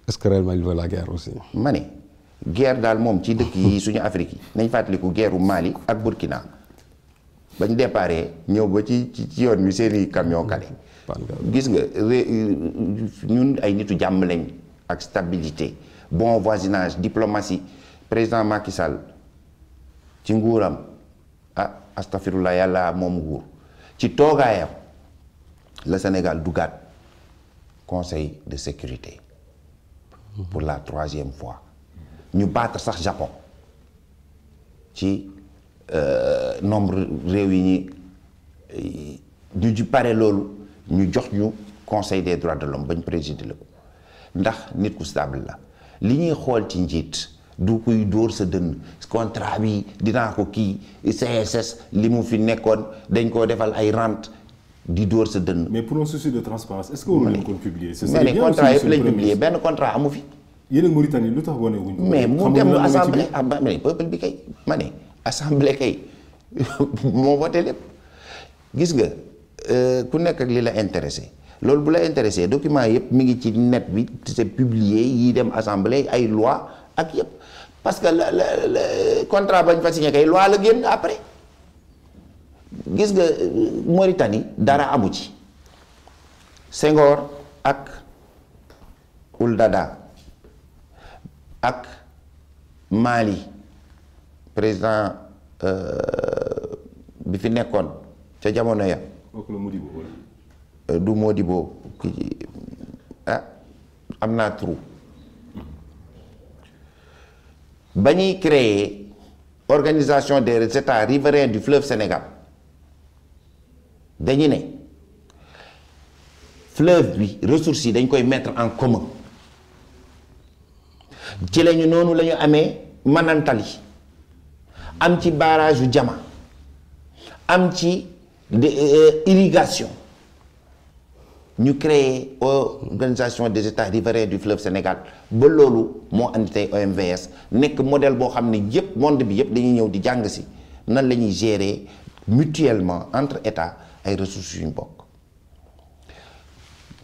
est-ce que réellement il veut la guerre aussi. ma ne guerre daal moom ci dëkk yi suñu Afrique yi nañ fàttaliku guerru Mali ak Burkina bañ déparé ñëw ba ci ci yoon mi seeni camion kale. gis nga euh, ñun ay nitu jàmm lañ ak stabilité bon voisinage diplomatie président Macky Sall ci nguuram ah astafirullah yàlla moom nguur. ci toogaayam la Sénégal dugaat conseil de sécurité pour la troisième fois ñu battre sax Japon ci euh, nombre réew yi ñi ñu ji pare loolu ñu jox ñu conseil des droits de l'homme bañ présider la ko ndax nit ku stable la li ñuy xool ci njiit du kuy dóor sa dënn contrat bi dinaa ko kii CSS li mu fi nekkoon dañ koo defal ay rente di dóor sa dënn. mais pour un souci de transparence est-ce que waroon contrat yëpp lañ publier benn contrat amu fi. yéen lu tax wane wuñ mais mu dem assemblée ah ma ne peuple bi kay [LAUGHS] moo voté gis nga euh, ku nekk ak li la intéressé. loolu bu la intéressé document yëpp mu ngi ci net bi c'est publié yi dem assemblée ay loi ak yëpp parce que la la contrat bañ fa signé kay loi la génn après gis nga euh, Mauritanie dara amu ci Senghor ak Ould ak Mali président euh, bi fi nekkoon ca jamono ya euh, du Modibo ah am naa trou ba ñuy créer organisation des états riverains du fleuve Sénégal dañu ne fleuve bi ressources yi dañ koy mettre en commun ci lañu noonu la ñu amee Manantali am ci barrage u Diama am ci euh, irrigation ñu créer organisation des états riverains du fleuve Sénégal ba loolu moo andi tey OMVS nekk modèle boo xam ne yëpp monde bi yëpp dañuy ñëw di jàng si nan la ñuy gérer mutuellement entre états ay ressources yu ñu bokk.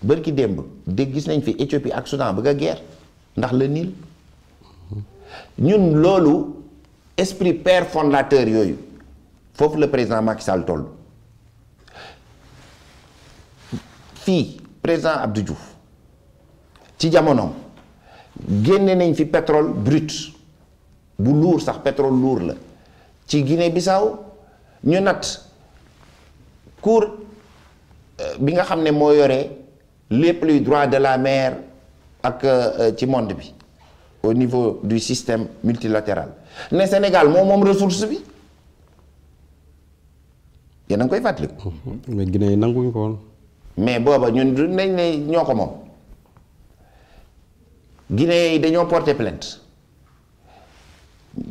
bërki démb de gis nañ fi Éthiopie ak Soudan bëgg a guerre ndax la Nil ñun loolu esprit père fondateur yooyu foofu la président Macky Sall toll. fii président Abdou Diouf ci jamonoom génne nañ fi pétrole brut bu luur sax pétrole luur la ci Guinée Bissau ñu nat cour euh, bi nga xam ne moo yore lépp luy droit de la mer ak euh, ci monde bi au niveau du système multilatéral ne Sénégal moom moom ressource bi yéen a koy fàttaliku. mais Guinée nanguñu ko woon. mais booba ñun du nañ ne ñoo ko moom Guinée yi dañoo porter plainte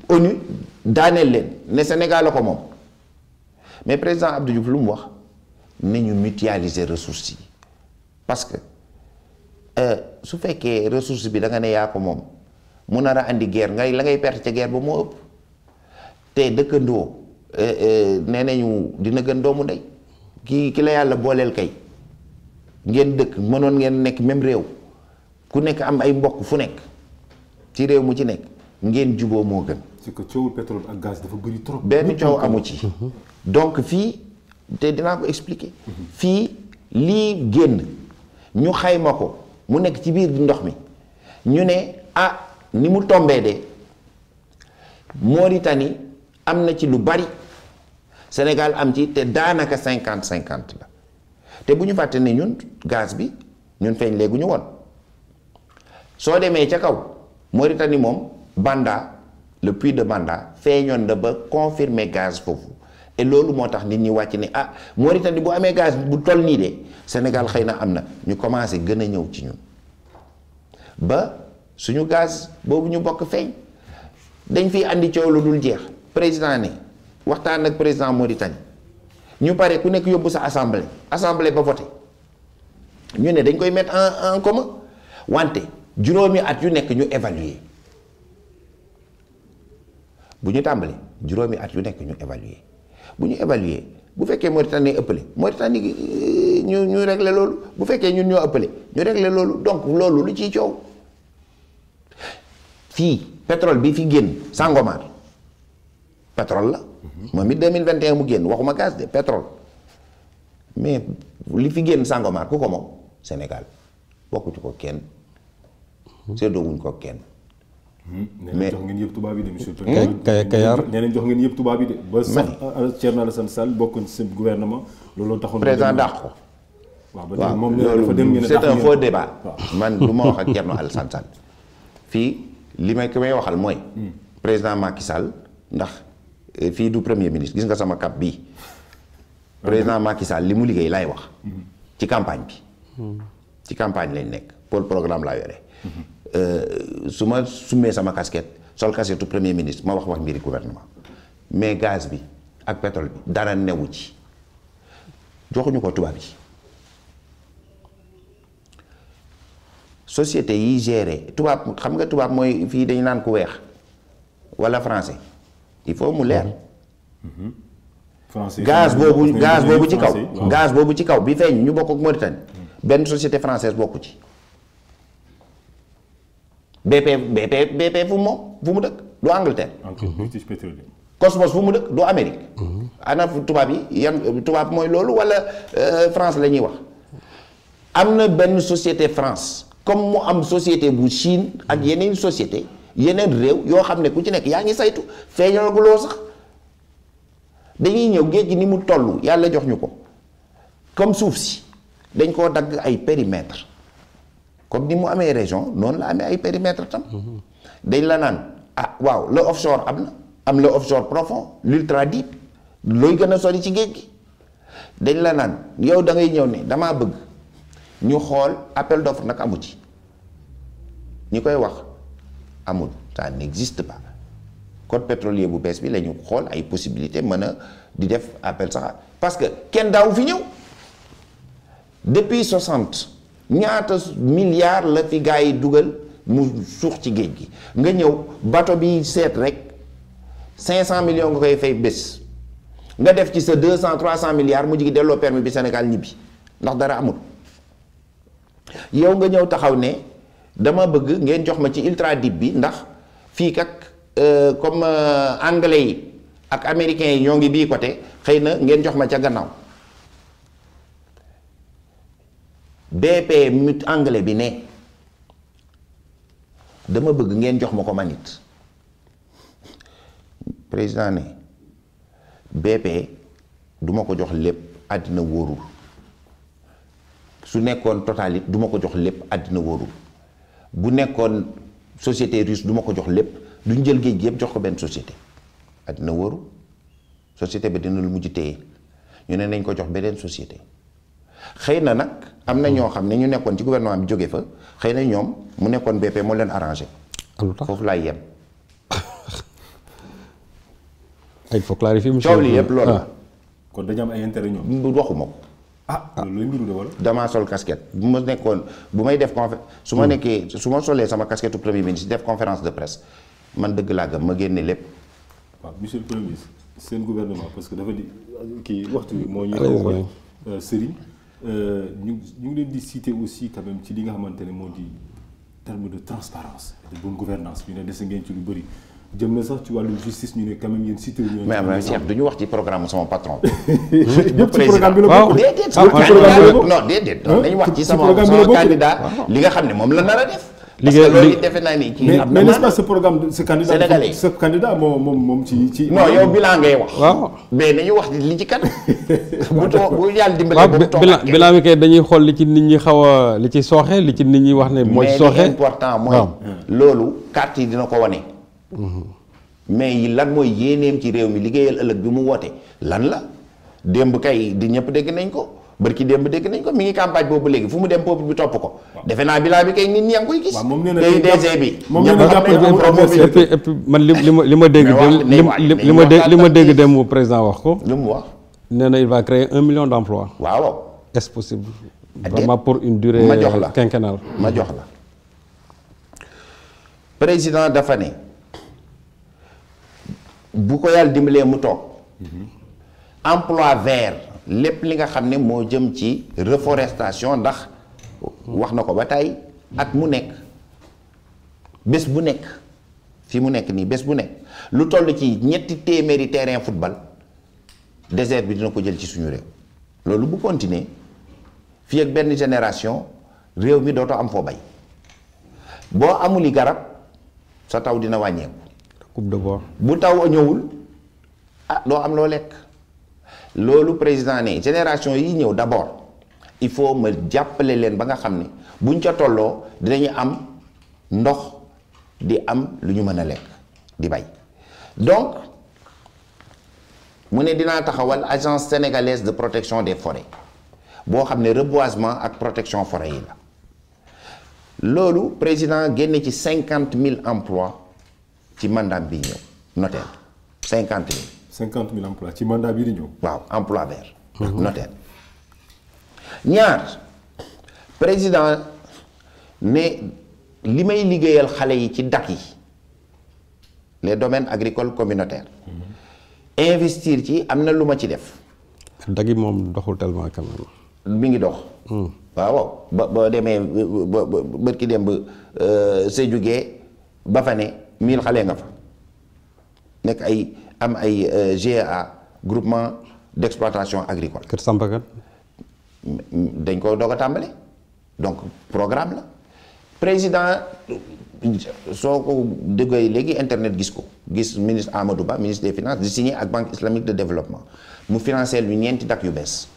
ONU daaneel leen ne Sénégal ko moom mais président Abdou Diouf lu mu wax ñu mutualiser ressources yi parce que euh, su fekkee ressource bi da nga ne yaa ko moom mun nar a andi guerre ngay la ngay perte ca guerre ba moo ëpp te dëkkandoo euh, euh, nee nañu dina gën doomu ndey ki ki la yàlla booleel kay ngeen dëkk mënoon ngeen nekk même réew ku nekk am ay mbokk fu nekk ci réew mu ci nekk ngeen juboo moo gën. c'est que coowul pétrole ak gaz dafa bëri benn coow amu ci. donc fii te dinaa ko expliquer. fii lii génn ñu xayma ko mu nekk ci biir ndox mi ñu ne ah ni mu tombee de Mauritanie am na ci lu bari Sénégal am ci te daanaka cinquante cinquante la. te bu ñu fàtte ne ñun gaz bi ñun feeñ léegi ñu woon soo demee ca kaw Mauritanie moom Banda le puits de Banda feeñoon na ba confirmer gaz foofu et loolu moo tax nit ñi wàcc ni ah Mauritanie bu amee gaz bu toll nii de Sénégal xëy na am na ñu commencé gën a ñëw ci ñun ba suñu gaz boobu ñu bokk feeñ dañ fi indi coow lu dul jeex président ne waxtaan ak président Mauritanie. ñu pare ku nekk yóbbu sa assemblée assemblée ba voté ñu ne dañ koy mettre en en commun wante juróomi at yu nekk ñu évaluer bu ñu tàmbalee juróomi at yu nekk ñu évaluer bu ñu évaluer bu fekkee Mauritanie ëppale Mauritanie euh, ñu ñu régler loolu bu fekkee ñun ñoo ëppale ñu régler loolu donc loolu lu ciy coow fii pétrole bi fi génn Sangomar pétrole la. moom it 2021 mu génn waxuma gaz de pétrole mais li fi génn Sangomar ku ko moom Sénégal bokku ko kenn mhm. séddoo wuñ ko kenn. Mhm. mais jox ngeen yëpp yi de monsieur. Kay Kayar nee nañ jox ngeen yëpp tubaab yi de. ba sax ah, ah, Thierno Alassane Sall bokkuñ ci gouvernement. looloo taxoon président dàq ko. waaw moom dafa dem ngeen c'est un faux débat. man du wax ak Thierno Alassane Sall. fii li may ki may waxal mooy. Hmm. président Macky ndax. Euh, fii du premier ministre gis nga sama cap bi président mhm. Macky Sall li mu liggéey laay wax mhm. ci campagne bi mhm. ci campagne lañ nekk pôle programme laa yore euh, su ma summee sama casquette sol casquette premier ministre ma wax wax mbiri gouvernement mais gaz bi ak pétrole bi dara newu ci joxuñu ko tubaab yi societé yi géré tubaab xam nga tubaab mooy fii dañu naan ku weex walla français il faut mu leer. gaz boobu gaz boobu ci kaw gaz boobu ci kaw bi feeñ ñu bokk ak Mauritanie benn société française bokku ci BP BP BP fu mu dëkk du Angleterre. Cosmos fu mu dëkk du Amérique. ana tubaab yi yan tubaab mooy loolu wala euh, France la ñuy wax. am na benn société France comme mu am société bu Chine ak yeneen société yeneen réew yoo xam ne ku ci nekk yaa ngi saytu feeñalaguloo sax dañuy ñëw géej gi ni mu toll yàlla jox ñu ko comme suuf si dañ koo dagg ay périmètre comme ni mu amee région noonu la amee ay périmètre tam dañ la naan ah waaw le offshore am na am le offshore profond l'ultra deep looy gën a sori ci géej gi dañ la naan yow da ngay ñëw ne damaa bëgg ñu xool appel d'offre nag amu ci ñu koy wax amul ça n'existe pas code pétrolier bu bees bi la ñu xool ay possibilités mën a di def appel saxaar parce que kenn daaw fi ñëw depuis 60 ñaata milliards la fi gars yi dugal mu suux ci géej gi nga ñëw bato bi seet rek 500 millions nga koy fay bés nga def ci sa 200 300 milliards mu jigi delloo permis bi Sénégal ñibbi ndax dara amul yow nga ñëw taxaw ne. dama bëgg ngeen jox ma ci ultra deep bi ndax fii kat euh, comme euh, anglais yi ak américains yi ñoo ngi bii côté xëy na ngeen jox ma ca gannaaw BP mut anglais bi ne dama bëgg ngeen jox ma ko manit président ne BP duma ko jox lépp àddina wóorul su nekkoon totalit duma ko jox lépp àddina wóorul bu nekkoon société russe duma ko jox lépp duñ jël géej gi yëpp jox ko benn société addina wóoru société bi dina lu mujj téye ñu ne nañ ko jox beneen societé xëy na nag am na ñoo xam ne ñu nekkoon ci gouvernement bi jóge fa xëy na ñoom mu nekkoon BP moo leen arrangé foofu laay yem [LAUGHS] il faut clarifier monsieur coow yëpp loolu ah. kon dañu am ay intérêt ñoom waxuma ko ah damaa sol casquette bu ma nekkoon bu may def confé su ma hmm. nekkee su ma solee sama casquette premier ministre def conférence de presse man dëgg laa ma génnee lépp. waaw monsieur le premier ministre seen gouvernement parce que dafa di kii waxtu bi moo ñu ko euh, Serigne euh, ñu ñu ngi leen di citer aussi tamit ci li nga xamante ne moo di terme de transparence de bonne gouvernance ñu ne dese ngeen ci lu bëri. jëm na sax ci wàllu justice ñu mais mais Cheikh du ñu wax ci programme sama patron. [LAUGHS] yëpp ci programme ñu wax ci sama sama candidat li nga xam ne moom la nar a def. liggéey loolu defe naa ni. mais mais n'est-ce pas ce programme ce candidat. sénégalais ce candidat moom moom moom ci ci. non yow bilan ngay wax. waaw nañu wax li ci kanam. [LAUGHS] bu too bu yàlla dimbale bu too bilan bilan bi kay dañuy xool li ci nit ñi xaw a li ci sooxee li ci nit ñi wax ne. mooy sooxe mais li important loolu carte yi dina ko wane. Mm-hmm. mais yi lan mooy yéeneem ci réew mi liggéeyal ëllëg bi mu woote lan la démb kay di ñëpp dégg nañ ko barki démb dégg nañ ko mi ngi campagne boobu léegi fu mu dem peuple bi topp ko. defe naa bilaa bi kay nit ñi yaa ngi koy gis. waaw moom bi. moom nee man li li li ma dégg. li ma dégg li dégg dem président wax ko. lu mu wax. nee na il va créer un million d' emplois. waaw. est-ce possible. Ah, pour une durée. ma jox la quinquennale ma jox la. président dafa ne. bu ko yàlla dimbalee mu toog emploi vert lépp li nga xam ne moo jëm ci reforestation ndax wax na ko ba tey at mu nekk bés bu nekk fi mu nekk nii bés bu nekk lu toll ci ñetti téeméeri terrain football désert bi dina ko jël ci suñu réew loolu bu continuer fii ak benn génération réew mi dootoo am foo bay boo amuli garab sa taw dina wàññeeku coupe de bois bu taw ñëwul a ah, doo am loo lekk loolu président ne génération yi ñëw d'abord il faut ma jàppale leen ba nga xam ne buñ ca tolloo dinañu am ndox di am lu ñu mën a lekk di bay donc mu ne dinaa taxawal agence sénégalaise de protection des forêts boo xam ne reboisement ak protection forêt yi la loolu président génne ci cinquante mille emplois ci mandat bi ñëw notaire cinquante mille. cinquante mille emploi ci mandat bi di ñëw. waaw emploi vert. Mhm. notaire ñaar président ne li may liggéeyal xale yi ci dak yi les domaines agricoles communautaires. Mhm. investir ci am na lu ma ci def. dak moom doxul tellement quand même. ngi dox. Mhm. waaw ba boo demee ba ba dem ba euh, Sédhiou ba fa ne mille xale nga fa nekk ay am ay euh, GA groupement d'exploitation agricole. Kër Sampakat. dañ ko doog a tàmbali donc programme la président soo ko déggee léegi internet gis ko gis ministre Amadou Ba ministre de finance di signé ak banque islamique de développement mu financé lu ñeenti dak yu bees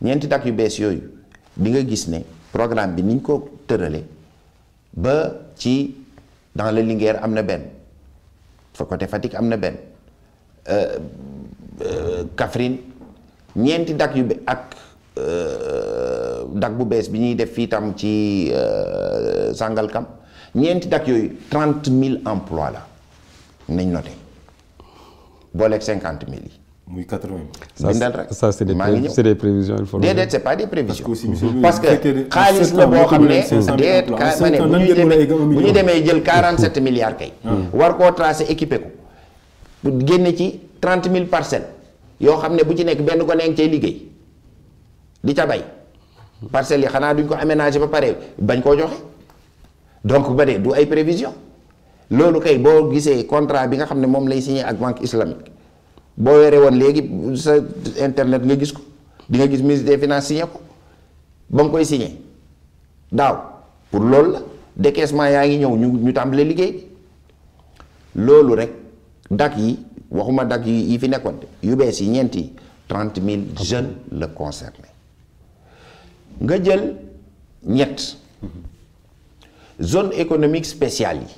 ñeenti dak yu bees yooyu di nga gis ne programme bi niñ ko tërale ba ci dans le Linguère am na benn fa côté Fatick am na benn euh, euh, Kaffrine ñeenti dak yu ak euh, dak bu bees bi ñuy def fii tam ci sangal kam ñeenti dak yooyu trente mille emplois la nañ noté booleeg cinquante mille yi muy 80. bindal rek ça c'est des c'est des prévisions il faut. pas des prévisions. parce que xaalis la boo xam ne déet ka ma ne bu ñuy demee bu kay. Hmm. war koo tracer équipé ko. génne ci 30 000 parcelles yoo xam ne bu ci nekk benn ko nekk cay liggéey di ca bay parcelles yi xanaa duñ ko aménager ba pare bañ koo joxe donc ba de du ay prévision loolu kay boo gisee contrat bi nga xam ne moom lay signé ak banque islamique. boo weeree woon léegi sa internet nga gis ko di nga gis ministre des finances signé ko ba nga koy signé daaw pour loolu la décaissement yaa ngi ñëw ñu ñu tàmbalee liggéey loolu rek dak yi waxuma dak yi yi fi nekkoon yu bees yi ñeenti yi mille jeunes la concerné nga jël ñett mhm. zone économique spéciale yi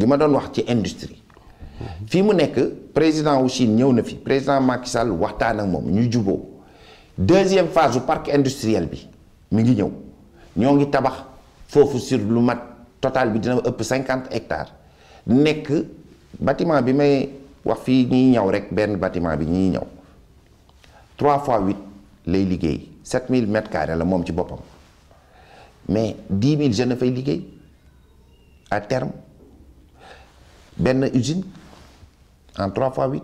li ma doon wax ci industrie fii mu nekk président wu Chine ñëw na fi président Macky Sall waxtaan ak moom ñu juboo deuxième phase bu parc industriel bi mi ngi ñëw ñoo ngi tabax foofu sur lu mat total bi dina ëpp cinquante hectares nekk batiment bi may wax fii ñiy ñëw rek benn batiment bi ñuy ñëw trois fois huit lay liggéey sept mille mètres carrés la moom ci boppam mais dix mille jeunes fay liggéey à terme benn usine en trois fois huit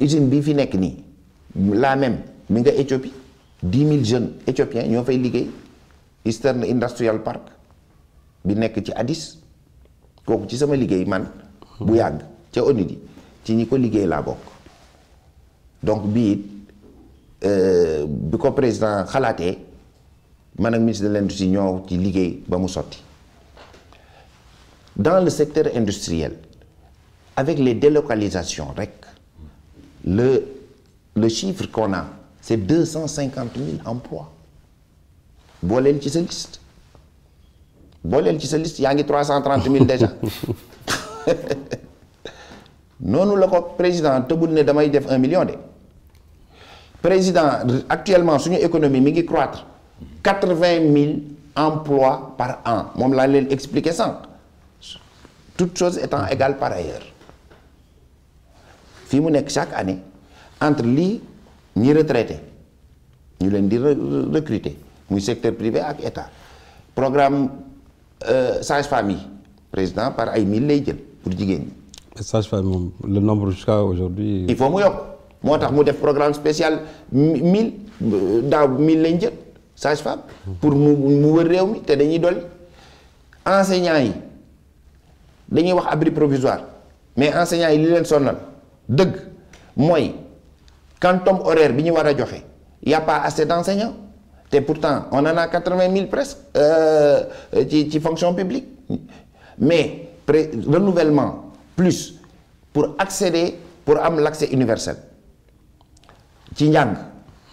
usine bi fi nekk nii la même mi nga Éthiopie dix mille jeunes éthiopiens ñoo fay liggéey Eastern Industrial Park bi nekk ci Addis kooku ci sama liggéey man. bu yàgg ca ONUDI ci ñi ko liggéey laa bokk. donc bii it euh, bi ko président xalaatee man ak ministre de l'industrie ñoo ci liggéey ba mu sotti dans le secteur industriel. avec les délocalisations rek le le chiffre qu'on a c'est deux cent cinquante mille emplois booleel ci sa liste booleel ci sa yaa ngi trois cent trente mille [LAUGHS] déjà noonu la ko président tëbul ne damay def un million de président actuellement suñu économie mi ngi croître quatre vingt mille emplois par an moom laa leen expliquer sànq toutes choses étant égales par ailleurs fii mu nekk chaque année entre lii ñi retraité ñu leen di recruter muy secteur privé ak état programme euh, sage-femme yi président par ay mille lay jël pour jigéen ñi. sage-femme moom le nombre jusqu'à aujourd'hui il faut mu yokk moo tax mu def programme spécial mille euh, daaw mille lañ jël sage-femme. pour mu mu wër réew mi te dañuy dolli enseignants yi dañuy wax abri provisoire mais enseignants yi li leen sonnal dëgg mooy quantum horaire bi ñu war a joxe y a pas assez d'enseignants te pourtant on en a quatre-vingt mille presque euh, ci ci fonction publique mais pré renouvellement plus pour accéder pour am l'accès universel ci njàng.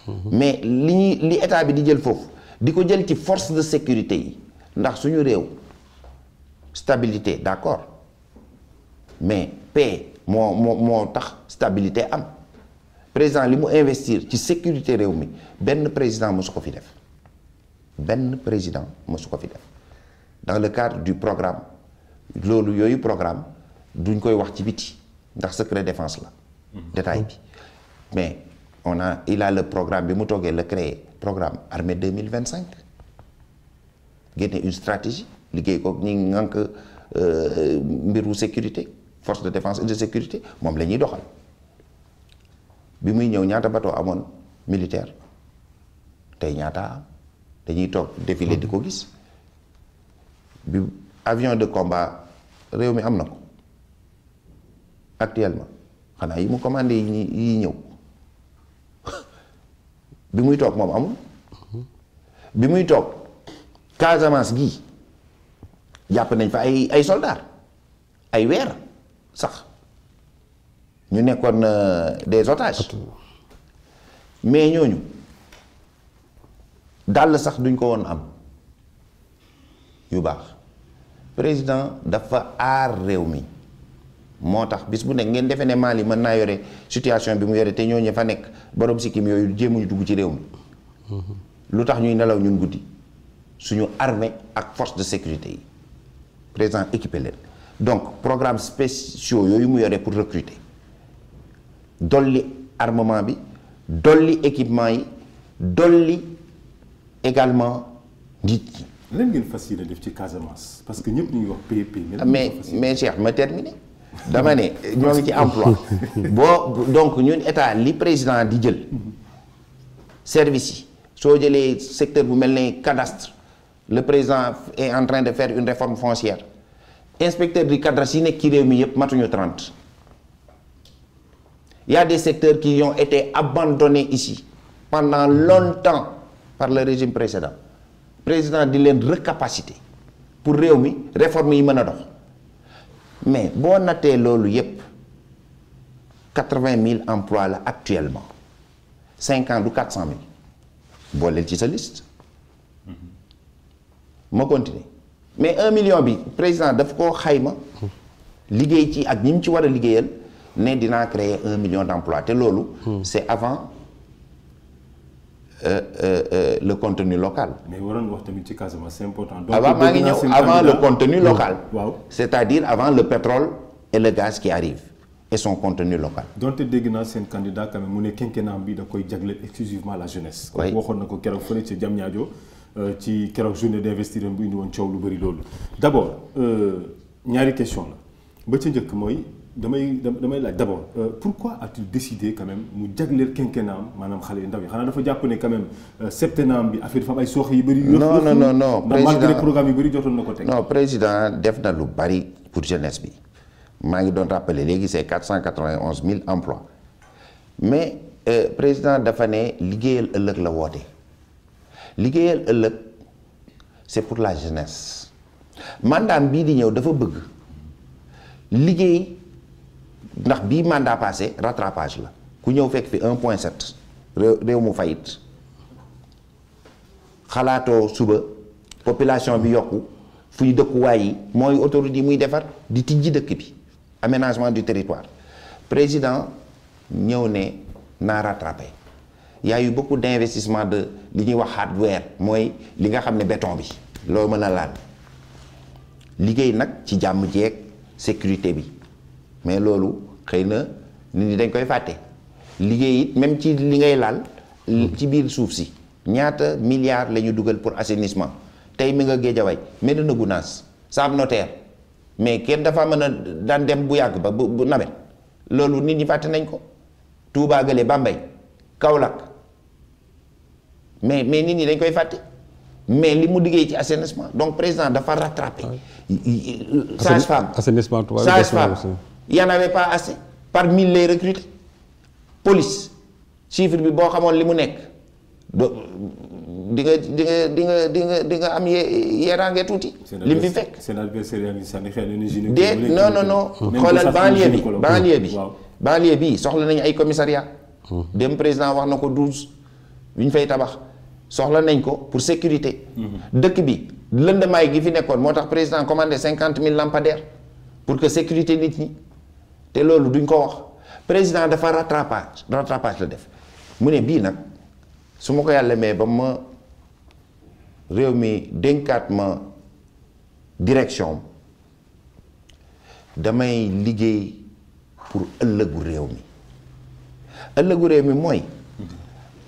Mhm. mais li ñuy li état bi di jël foofu di ko jël ci force de sécurité yi ndax suñu réew stabilité d'accord mais paix moo moo moo tax stabilité am président li mu investir ci sécurité réew mi benn président mosu ko fi def benn président mosu ko fi def dans le cadre du programme loolu yooyu programme duñ koy wax ci witti ndax secret défense la détail bi mais on a il a le programme bi mu toogee la créer programme armée 2025 génne une stratégie liggéey ko ñi ngànk euh, mbiru sécurité force de defence de sécurité moom la ñuy doxal bi muy ñëw ñaata bateau amoon militaire tey ñaata am dañuy toog défilé di ko gis bi avion de combat réew mi am na ko actuellement xanaa yi mu commandé yi yi ñëw [LAUGHS] bi muy toog moom amul bi muy toog Casamance gi jàpp nañ fa ay ay soldats ay weer sax ñu nekkoon euh, des otages mais ñooñu dàll sax duñ ko woon am yu baax président dafa aar réew mi moo tax bis bu nekk ngeen defee ne maal Mali mën naa yore situation bi mu yore te ñooñu fa nekk borom sikkim yooyu jéemuñu dugg ci réew mi mm-hmm. lu tax ñuy nelaw ñun guddi suñu armée ak force de sécurité yi président équipé leen donc programme spéciaux yooyu mu yore pour recruter dolli armement bi dolli équipement yi dolli également nit ñi. fas yéene def ci Casamance parce que ñëpp ñu ngi wax PEP. mais mais Cheikh ma terminé. dama ne ñoo ngi ci emploi [LAUGHS] boo donc ñun état li président di jël service yi soo jëlee secteur bu mel ne cadastre le président est en train de faire une réforme foncière. inspecteur du cadre yi nekk ki réew mi yëpp matuñu 30 y a des secteurs qui ont été abandonnés ici pendant longtemps par le régime précédent président di leen capacité pour réew mi réforme yi mën a dox mais boo nattee loolu yëpp 80 000 emplois la actuellement 50 du 400 000 booleel ci sa liste mm-hmm. ma continuer mais un million bi président daf koo xayma liggéey ci ak ñi mu ci war a liggéeyal ne dina créer un million d'emplois te loolu hmm. c'est avant Euh, euh, euh, le contenu local. mais waroon wax tamit ci Casamance c'est important. avant ngi ñëw avant le contenu local. Hmm. waaw c'est-à-dire avant le pétrole et le gaz qui arrive et son contenu local. donte dégg naa seen candidat quand mu ne quinquennat bi da koy jagle exclusivement la jeunesse. oui waxoon na ko keroog fële ca Diamniadio Euh, ci keroog journée d'investissement bu indi woon coow lu bëri loolu d'abord euh, ñaari question la ba ca njëkk mooy damay damay laaj d'abord euh, pourquoi a-t-il décidé quand même mu jagleel quinquennat maanaam xale yu ndaw yi xanaa dafa jàpp ne quand même bi affaire dafa am ay sooxe yu bëri. non non non non président bëri jotoon na ko teg. non président def na lu bari pour jeunesse bi maa ngi doon rappeler léegi c'est quatre cent quatre-vingt-onze mille emplois mais président dafa ne liggéeyal ëllëg la woote. liggéeyal ëllëg c'est pour la jeunesse mandaam bii di ñëw dafa bëgg liggéey ndax bii mandat passé rattrapage la ku ñëw fekk fi 1 point 7 réew mu fayit xalaatoo suba population bi yokku fu dëkkuwaay yi mooy autoroute yi muy defar di tijji dëkk bi aménagement du territoire président ñëw ne naa rattrapé y a eu beaucoup d'investissement de li ñuy wax hardware mooy li nga xam ne béton bi loo mën a laal liggéey nag ci jàmm jeeg sécurité bi mais loolu xëy na nit ñi dañ koy fàtte liggéey it même ci li ngay laal hmm. ci biir suuf si ñaata milliards la ñu dugal pour assainissement tey mi nga géej a géejawaay na Gounass Sam Notaire mais kenn dafa mën a daan dem bu yàgg ba bu nawet loolu nit ñi fàtte nañ ko Touba Gale Bambey Kaolack mais mais nit ñi dañ koy fàtte mais li mu liggéey ci assainissement donc président dafa rattrapé. Ah. sage-femme assainissement tubaab sage-femme y en avait pas assez par mille lay recruté police chiffre bi boo xamoon li mu nekk do di nga di nga di nga di nga di nga am ye yeeraange tuuti. li mu fi fekk seen adversaire yaa ngi sànni xel de non non non bi banlieue bi bi soxla nañu ay commissariat dem président wax na ko douze bi ñu fay tabax. soxla nañ ko pour sécurité. Mhm. dëkk bi lëndamaay gi fi nekkoon moo tax président commandé cinquante mille lampadaires pour que sécurité nit ñi te loolu duñ ko wax président dafa rattrapage rattrapage la def mu ne bii nag su ma ko yàlla may ba ma réew mi dénkaat ma direction damay liggéey pour ëllëgu réew mi ëllëgu réew mi mooy. Mhm.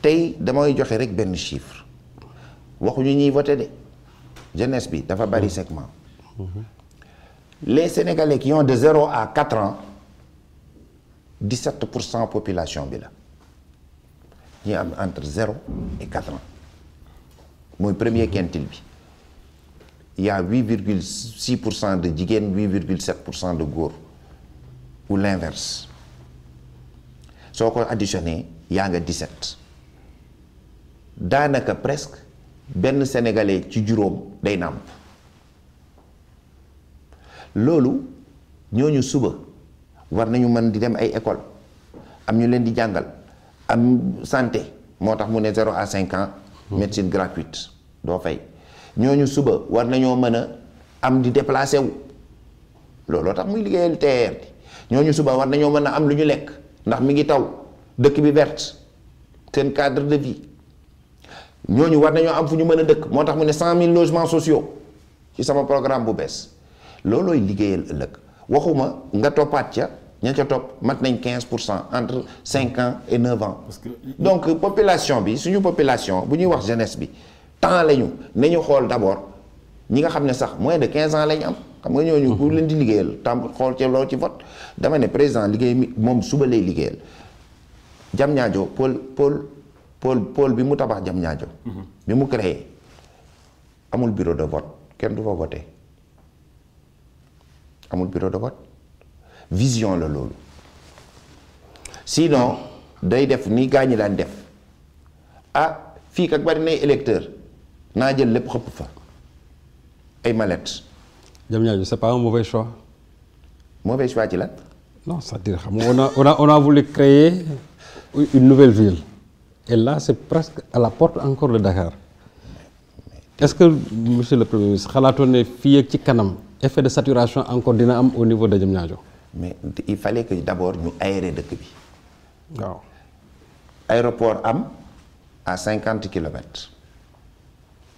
tey damay joxe rek benn chiffre waxuñu ñuy voté de jeunesse bi dafa bari segment les sénégalais qui de zéro à quatre ans dix-sept pour cent population bi la ñu am entre zéro et quatre ans mooy premier quintile bi il y a huit virgule six pour cent de jigéen huit virgule sept pour cent de góor ou l'inverse soo ko additionné yaa nga dix-sept daanaka presque benn sénégalais ci juróom day nàmp loolu ñooñu suba war nañu mën di dem ay école am ñu leen di jàngal am santé moo tax mu ne zéro à cinq ans hmm. médecine gratuite doo fay ñooñu suba war nañoo mën a am di déplacé wu looloo tax muy liggéeyal TER bi suba war nañoo mën a am lu ñu lekk ndax mi ngi taw dëkk bi verte seen cadre de vie ñooñu war nañoo am fu ñu mën a dëkk moo tax mu ne 100000 logements sociaux ci sama programme bu bees loolooy liggéeyal ëllëg waxuma nga toppaat ca ña ca topp mat nañ quinze pour cent entre cinq ans et 9 ans. Parce que... donc population bi suñu population bu ñuy wax jeunesse bi temps la ñu na ñu xool d' abord ñi nga xam ne sax moins de quinze ans la ñu am. xam nga ñooñu ku leen di liggéeyal tam xool ca loolu ci vote dama ne président liggéey mi moom suba lay liggéeyal jam ñaajo pôle pôle pôle bi mu tabax jam ñaajo mhm. bi mu créer amul bureau de vote kenn du fa voté amul bureau de vote vision la loolu sinon day def ni gaa ñi daan def ah fii kak bari nay électeur naa jël lépp xëpp fa ay mallette jam ñaajo c'est pas un mauvais choix mauvais choix ci lan non c'est-à-dire xam nga on a on a on a voulu créer une nouvelle ville Et là, c'est presque à la porte encore de Dakar. Est-ce que, monsieur le Premier ministre, Khalatone, ci Kanam, effet de saturation encore dina am au niveau de Djamnyadjo Mais il fallait que d'abord nous aérions de Kibi. Non. Aéroport Am à cinquante km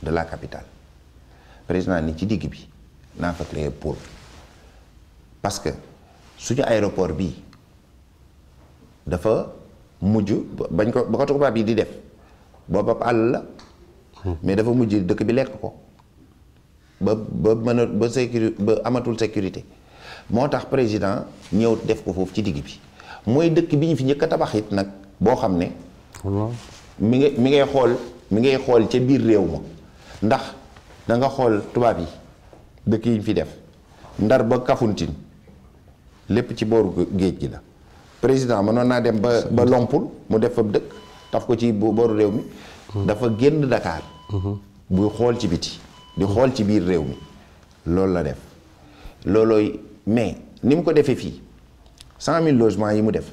de la capitale. Le président Nitidi Kibi n'a pas créé pour. Parce que, si l'aéroport bi, de mujj bañ ko ba ko tubaab yi di def booba àll la mais dafa mujj dëkk bi lekk ko ba ba mën ba amatul sécurité moo tax président ñëw def ko foofu ci digg bi mooy dëkk bi ñu fi njëkk a tabax it nag boo xam ne mi ngi mi ngay xool mi ngay xool ca biir réew ma ndax da nga xool tubaab yi dëkk yi ñu fi def ndar ba kafuntin lépp ci booru géej gi la président mënoon naa dem ba ba Lompul mu def fa dëkk taf ko ci boru réew mi. Hmm. dafa génn Dakar. Hmm. buy xool ci biti. di xool ci biir réew mi. loolu la def loolooy mais ni mu ko defee fii cent mille logements yi mu def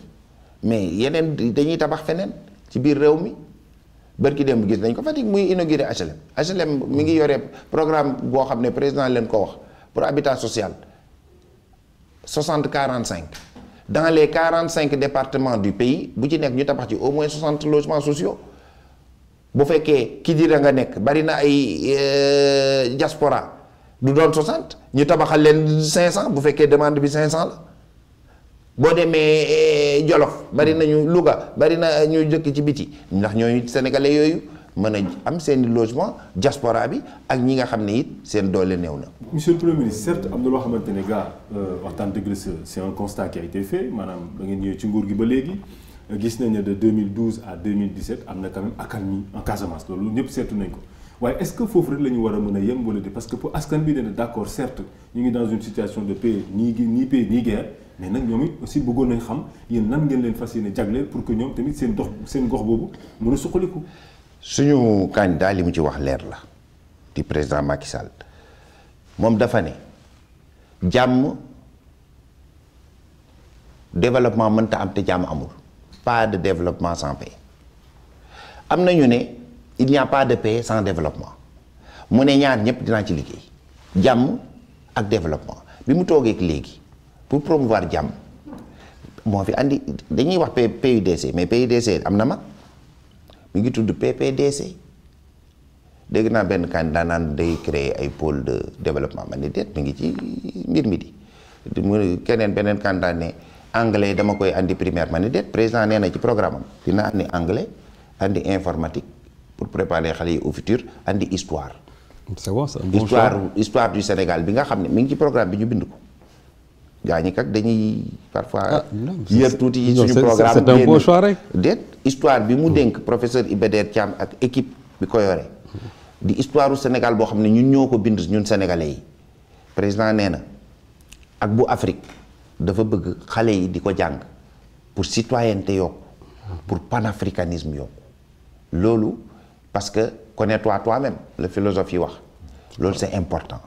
mais yeneen dañuy tabax feneen ci biir réew mi bërki dem gis nañ ko fa Fatick muy inauguré HLM. HLM mi ngi yore programme boo xam ne président leen ko wax pour habitat social soixante quarante cinq. dans les quarante cinq départements du pays bu ci nekk ñu tabax ci au moins soixante logements sociaux bu fekkee ki dira nga nekk bari na ay euh, diaspora du doon soixante ñu tabaxal leen cinq cent bu fekkee demande bi cinq cent la boo demee euh, Jolof bari nañu Louga bari na ñu jëkk ci biti ndax ñooñu sénégalais yooyu mën a am seen logement diaspora bi ak ñi nga xam ne it seen doole néew na. monsieur le premier ministre certes am na loo xamante ne gars euh, waxtaan dëgg la c'est un constat qui a fait maanaam da ngeen ñëwee ci nguur gi ba léegi. gis nañ ne de à 2017 am na quand même accalmie en Casamance loolu ñëpp seetu nañ ko waaye est-ce que foofu rek la war a mën a yem wala de parce que pour askan bi dana d'accord certes ñu ngi dans une situation de paix nii nii nag ñoom nañ xam yéen nan ngeen leen fas yéene jagleel pour que ñoom tamit seen dox seen gox boobu mën a suqaliku suñu candidat li mu ci wax leer la di président Macky Sall moom dafa ne jàmm développement mënta am te jàmm amul pas de développement sans paix am nañu ne il n'y a pas de paix sans développement mu ne ñaar ñëpp dinaa ci liggéey jàmm ak développement bi mu toogeek léegi pour promouvoir jàmm moo fi andi dañuy wax PUDC mais PUDC am na ma mu ngi tudd PPDC dégg naa benn candidat naan day créer ay pole de développement man ni déet mi ngi ci mbir mi di mu keneen beneen candidat ne anglais dama koy andi primaire man ni déet président nee ci programme am dina andi anglais andi informatique pour préparer xale yi au andi histoire. c'est bon ça histoire histoire du Sénégal bi nga xam ne mu ngi ci programme bi ñu bind ko. gaa ñi kat dañuy parfois. Ah, yër tuuti ci suñu programme. c'est histoire bi mu oh. dénk professeur Iba caam ak équipe bi ko yore. di histoire u Sénégal boo xam ne ñun ñoo ko bind ñun sénégalais yi président nee na ak bu Afrique dafa bëgg xale yi di ko jàng pour citoyenneté yokku pour panafricanisme yokku loolu parce que connais-toi toi-même le philosophe yi wax loolu c'est important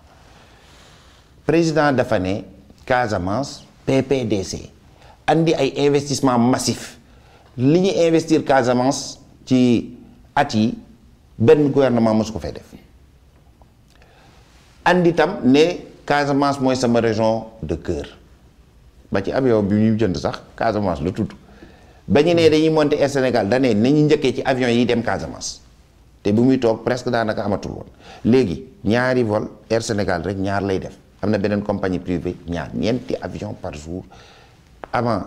président dafa ne. Casamance PPDC andi ay investissement massif li ñu investir Casamance ci at yi benn gouvernement mosu ko fee def andi tam ne Casamance mooy sama région de cœur ba ci avion bi ñu jënd sax Casamance lu tudd ba ñu ne dañuy monte Air Sénégal dañu ne nañu njëkkee ci avion yi dem Casamance te bu muy toog presque daanaka amatul woon léegi ñaari vol Air Sénégal rek ñaar lay def. am na beneen compagnie privée ñaar ñeenti avion par jour avant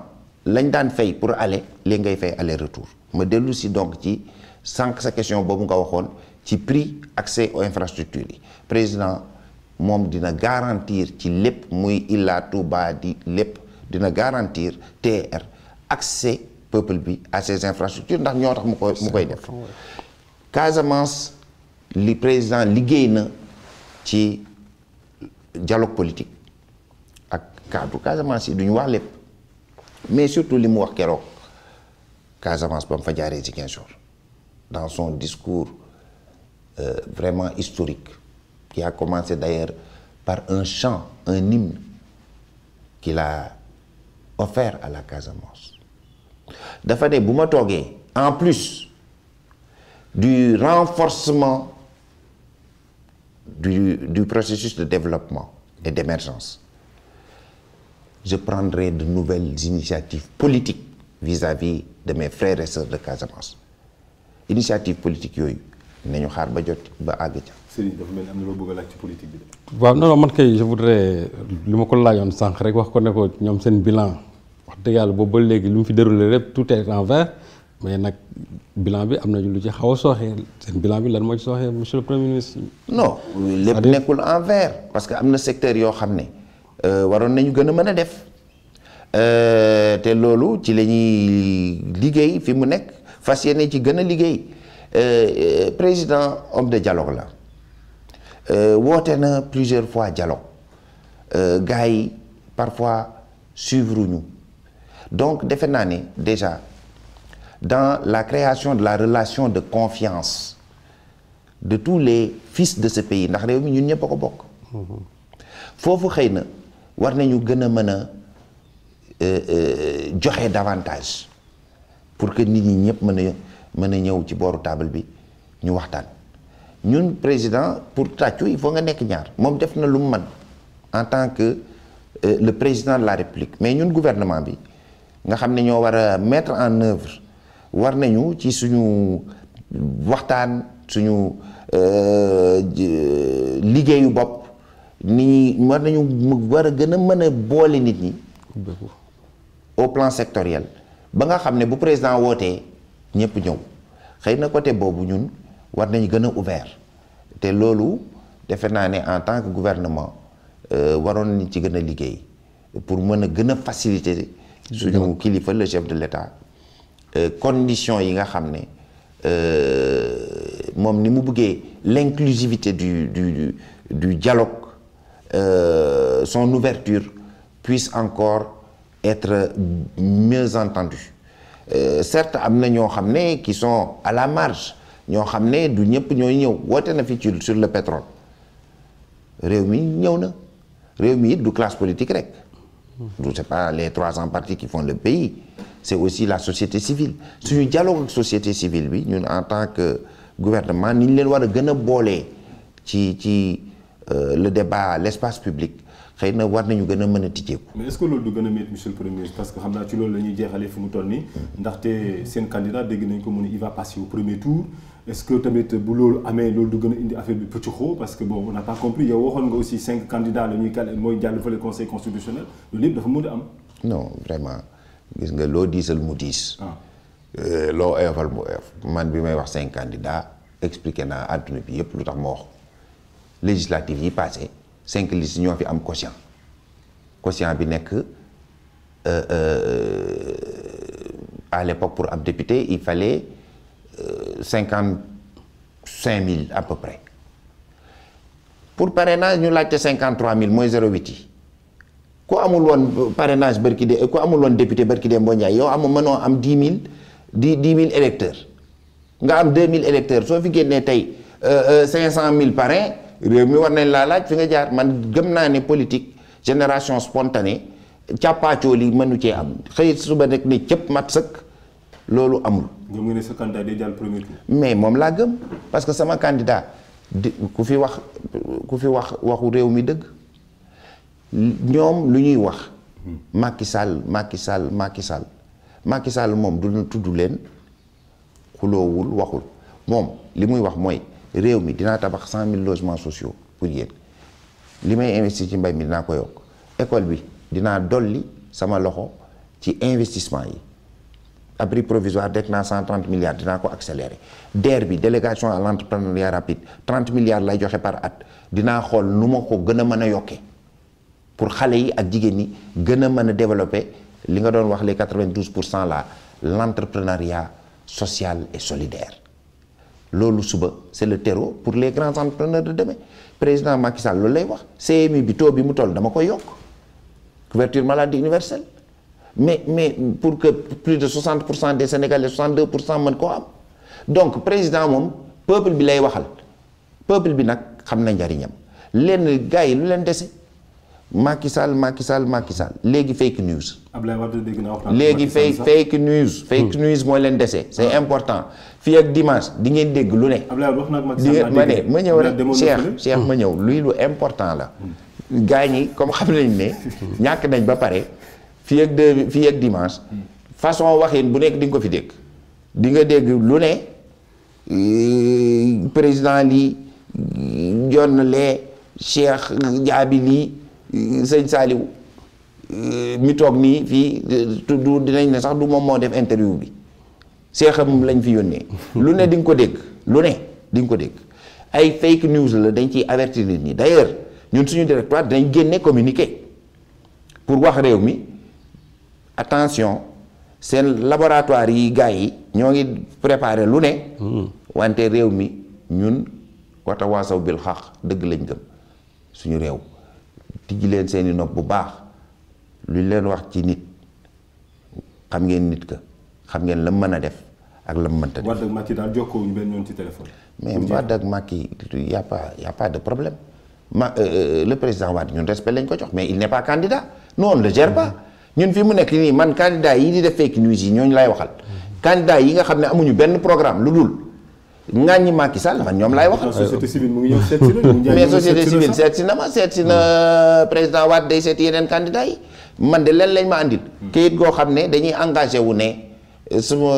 lañ daan fay pour aller léegi ngay fay aller retour ma dellusi donc ci sànq sa question boobu nga waxoon ci prix accès aux infrastructures yi président moom dina garantir ci lépp muy Ila Touba di lépp dina garantir TR accès peuple bi à ces infrastructures ndax ñoo tax mu koy mu koy def Casamance li président liggéey na ci dialogue politique ak cadre Casamance yi du wax lépp mais surtout li mu wax keroog Casamance ba mu fa jaaree Ziguinchor dans son discours euh, vraiment historique ki a commencé d'ailleurs par un chant un hymne qu'il a offert à la Casamance dafa ne bu ma toogee en plus du renforcement du, du processus de développement et d'émergence, je prendrai de nouvelles initiatives politiques vis-à-vis de mes frères et de Casamance initiative politique yooyu nañu xaar ba jot ba àgg ca. Serigne dafa mel ni am loo bëgg a laaj ci politique bi de. waaw non non man kay je voudrais li ma ko laajoon sànq rek wax ko ne ko ñoom seen bilan wax dëgg yàlla boobu ba léegi lu mu fi déroulé lépp tout est en vert mais nag bilan bi am na lu ci xaw a sooxee bilan bi lan moo ci sooxee monsieur le premier ministre. non lépp nekkul en vert parce que am na secteur yoo xam ne euh, waroon nañu gën a mën a def euh, te loolu ci la ñuy liggéey fi mu nekk fas yéene ci gën a liggéey euh, président homme de dialogue la woote na plusieurs fois dialogue gars yi parfois suivre ñu donc defe naa ne déjà. dans la création de la relation de confiance de tous les fils de ce pays ndax réew mi ñun ñëpp ko bokk. foofu xëy na war nañu gën a mën a euh, euh, joxe davantage pour que nit ñi ñëpp mën a mën a ñëw ci booru table bi ñu waxtaan. ñun président pour tàccu il faut nga nekk ñaar moom def na lu mu man en tant que euh, le président de la république mais ñun gouvernement bi nga xam ne ñoo war a mettre en œuvre. war nañu ci suñu waxtaan suñu euh, liggéeyu bopp ni war nañu war a gën a mën a boole nit ñi au plan sectoriel ba nga xam ne bu président wootee ñëpp ñëw xëy na côté boobu ñun war nañu gën a ouvert te loolu defe naa ne en tant que gouvernement euh, waroon nañ ci gën a liggéey pour mën a gën a faciliter suñu kilifa le chef de l'État Euh, conditions yi nga xam ne euh, moom ni mu buggee l'inclusivité du du du dialogue euh, son ouverture puisse encore être mieux entendue euh, certes am na ñoo xam ne qui son à la marge ñoo xam ne du ñëpp ñooy ñëw woote na fi ci sur le pétrole réew mi ñëw na réew mi it du classe politique rek du c'est pas les trois grands partis qui font le pays c'est aussi la société civile suñu dialogue ak société civile bi ñun en tant que gouvernement ni leen war a gën a boolee ci ci euh, le débat l'espace public xëy war nañu gën a mën a tijjeeku. mais est-ce que loolu du gën a métti monsieur le premier parce que xam naa ci loolu la ñuy jeexalee fi mu toll nii. ndaxte seen candidat dégg nañ ko mu ne va passer au premier tour. est-ce que tamit bu loolu amee loolu du gën a indi affaire bi pëccuxoo parce que bon on n'a pas compris yow waxoon nga aussi cinq candidats la ñuy kàll am. vraiment gis nga loo diisal mu diis. Ah. Euh, loo oyofal mu oyof man bi may wax cinq candidats expliqué naa àdduna bi yëpp lu tax ma wax législative yi passé cinq listes ñoo fi am quotient quotient bi nekk euh, euh, à l'époque pour ab député il fallait cinquante cinq mille à peu près pour parrainage ñu laajte cinquante mille mooy zéro huit yi. ku amul woon parrainage barki de ku amul woon député barki de Mbodj yow amu mënoo am dix mille di dix mille électeurs nga am deux mille électeurs soo fi génnee tey euh, euh, cinq cent mille parrain réew mi war nañ laa laaj fi nga jaar man gëm naa ne politique génération spontanée càppaacoo li mënu cee am xëy suba rek ne cëpp mat sëkk loolu amul. ñoom nga ne sa candidat day mais moom laa gëm parce que sama candidat di ku fi wax ku fi wax waxu réew mi dëgg. ñoom lu ñuy wax. Macky Sall makki Sall makki Sall Macky Sall moom du tudd leen xuloowul waxul moom li muy wax mooy réew mi dinaa tabax cent mille logements sociaux pour yéen li may investir ci mbay mi dinaa ko yokk école bi dinaa dolli sama loxo ci investissement yi abri provisoire dek naa cent trente milliards dinaa ko accélérer DER bi délégation à l'entrepreneuriat rapide trente milliards lay joxe par at dinaa xool nu ma ko gën a mën a yokkee pour xale yi ak jigéen ñi gën a mën a développer li nga doon wax les 92 pour cent là l'entrepreneuriat social et loolu suba c'est le terreau pour les grands entrepreneurs de demain président Macky Sall loolu lay wax CMU bi taux bi mu toll dama koy yokk couverture maladie universelle mais mais pour que plus de 60 pour cent des Sénégalais 62 pour cent mën koo am donc président moom peuple bi lay waxal peuple bi nag xam na njariñam lu leen dese. Macky Sall Macky Sall Macky Sall léegi fake news. Abdoulaye Wade dégg léegi fake fake news. fake hmm. news mooy leen dese c' est ah. important fii ak dimanche di ngeen dégg lu ne. Abdoulaye wax na ak Macky ma ne ma ñëw rek Cheikh Cheikh ma ñëw luy lu important la. gaa ñi comme xam nañ ne. ñàkk nañ ba pare fii ak de fii ak dimanche façon waxin bu nekk di nga ko fi dégg di nga dégg lu ne président lii jonn lee Cheikh Diaby lii. sëñ Saliou mi toog nii fii du dinañ ne sax du moom moo def interview bi seexam lañ fi yónnee. lu ne di nga ko dégg lu ne di nga ko dégg ay fake news la dañ ciy avertir nit ñi d'ailleurs ñun suñu directoire dañ génne communiqué pour wax réew mi attention seen laboratoire yi gars yi ñoo ngi préparé lu ne. Hmm. wante réew mi ñun wata waasaw bil xaq dëgg lañ gëm suñu réew. tijji leen seeni nopp bu baax luñ leen wax ci nit xam ngeen nit ka xam ngeen lam mën a def ak lam mënta def. Wade ak Macky daal jokkoo wuñ benn yoon ci téléphone. mais Wade ak Macky y' a pas y' a pas de problème ma euh, euh, le président Wade ñun respect lañ ko jox mais il n' est pas candidat nous on pas ñun fii mu nekk nii man candidat yi di def fake news yi ñooñu lay waxal. Mm-hmm. candidat yi nga xam ne amuñu benn programme lu dul. ŋàññi Macky Sall man ñoom laay wax. société civile mu ngi ñëw seet si na. mais société civile seet si na ma seet si na président Wade day seet yeneen candidats yi man de leen lañ ma andil. kayit goo xam ne dañuy engagé wu ne euh, suma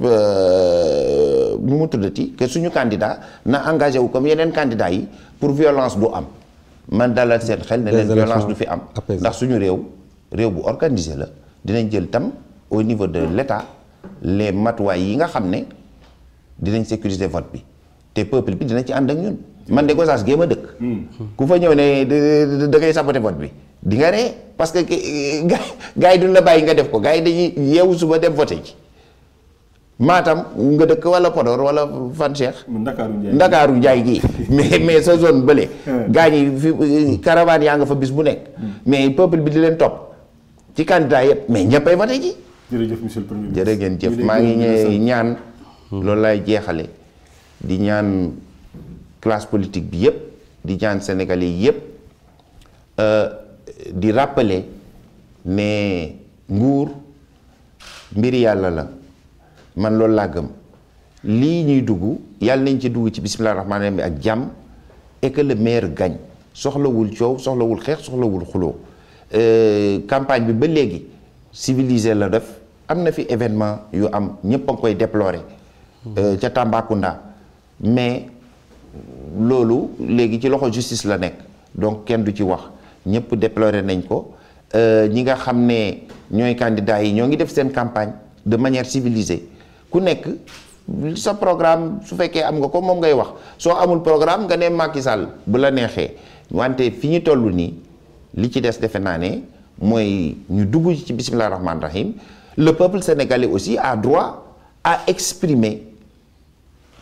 mu euh, mu tuddati que suñu candidat na engagé wu comme yeneen candidats yi pour violence du am man dalal seen xel ne leen violence du fi am. ndax suñu réew réew bu organisé la dinañ jël tam au niveau de l' état les matuwaay yi nga xam ne. dinañ sécuriser vote bi te peuple bi dina ci ànd ak ñun man de Gossas géem a dëkk ku fa ñëw ne da ngay saboté vote bi di nga parce que gars yi duñ la bàyyi nga def ko gars yi dañuy yeewu suba dem voté ji Matam nga dëkk wala Podor wala fan Cheikh Ndakaaru Njaay gi mais sa zone bële [LAUGHS] gars yi fi caravane yaa nga fa bis bu nekk hmm. mais peuple bi di leen topp ci candidat yëpp mais ñëppay voté ji jërëjëf monsieur le premier ministre ngeen jëf maa ngi ñaan loolu laay jeexale di ñaan classe politique bi yépp di ñaan sénégalais yépp euh, di rappeler ne nguur mbir yàlla la man loolu laa gëm lii ñuy dugg yàlla nañ ci dugg ci bismillah rahmaani rahim ak jàmm et que le maire gagne soxlawul coow soxlawul xeex soxlawul xuloo euh, campagne bi ba léegi civilisé la def am na fi événement yu am ñëpp a koy déplorer Euh, ca Tambacounda mais loolu léegi ci loxo justice la nekk donc kenn du ci wax ñëpp déploré nañ ko euh, ñi nga xam ne ñooy candidats yi ñoo ngi def seen campagne de manière civilisée ku nekk sa programme su fekkee am nga ko moom ngay wax soo amul programme nga ne Macky Sall bu la neexee wante fi ñu toll nii li ci des defe naa ne mooy ñu dugg ci bisimilah rahmaani rahim le peuple sénégalais aussi à droit à exprimer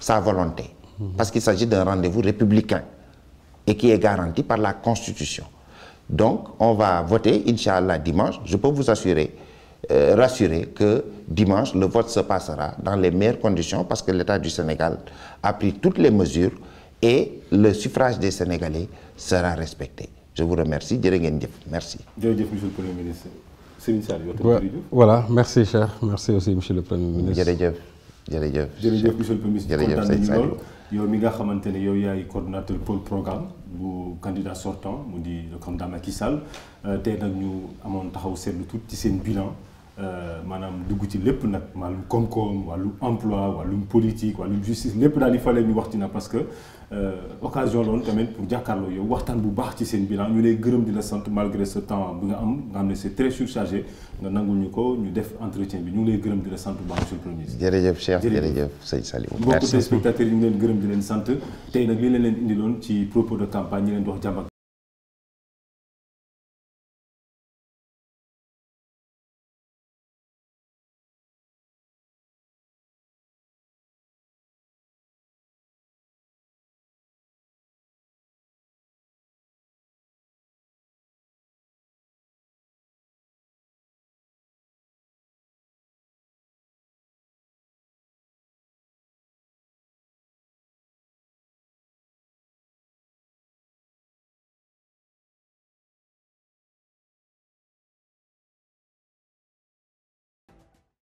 sa parce qu'il s'agit d'un rendez-vous républicain et qui est garanti par la Constitution. Donc, on va voter, Inch'Allah, dimanche. Je peux vous assurer, euh, rassurer que dimanche, le vote se passera dans les meilleures conditions parce que l'État du Sénégal a pris toutes les mesures et le suffrage des Sénégalais sera respecté. Je vous remercie. Merci. Voilà, merci cher. Merci aussi, Monsieur le Premier ministre. jërëjëf jërëjëf monsieur le Premier ministre kontaan nañu yow mi nga xamante ne yow yaay coordonnateur pôle programme bu candidat sortant mu di le candidat Macky Sall euh, tey nag ñu amoon taxaw seetlu tout ci seen bilan euh, maanaam dugg ci lépp nag wàllum koom-koom wàllum emploi wàllum politique wàllum justice lépp daal il fallait ñu wax ci na parce que Euh, occasion loon tamit pour jàkkaarloo yow waxtaan bu baax ci seen bilan ñu lay gërëm di la sant malgré ce temps bi nga am nga xam ne c'est très surchargé nga nangul ñu ko ñu def entretien bi ñu ngi lay gërëm di la sant bu baax monsieur le premier jërëjëf Cheikh jërëjëf sëñ Saliou merci beaucoup téléspectateurs yi ñu leen gërëm di leen sant tey nag li leen leen indiloon ci propos de campagne ñi leen di wax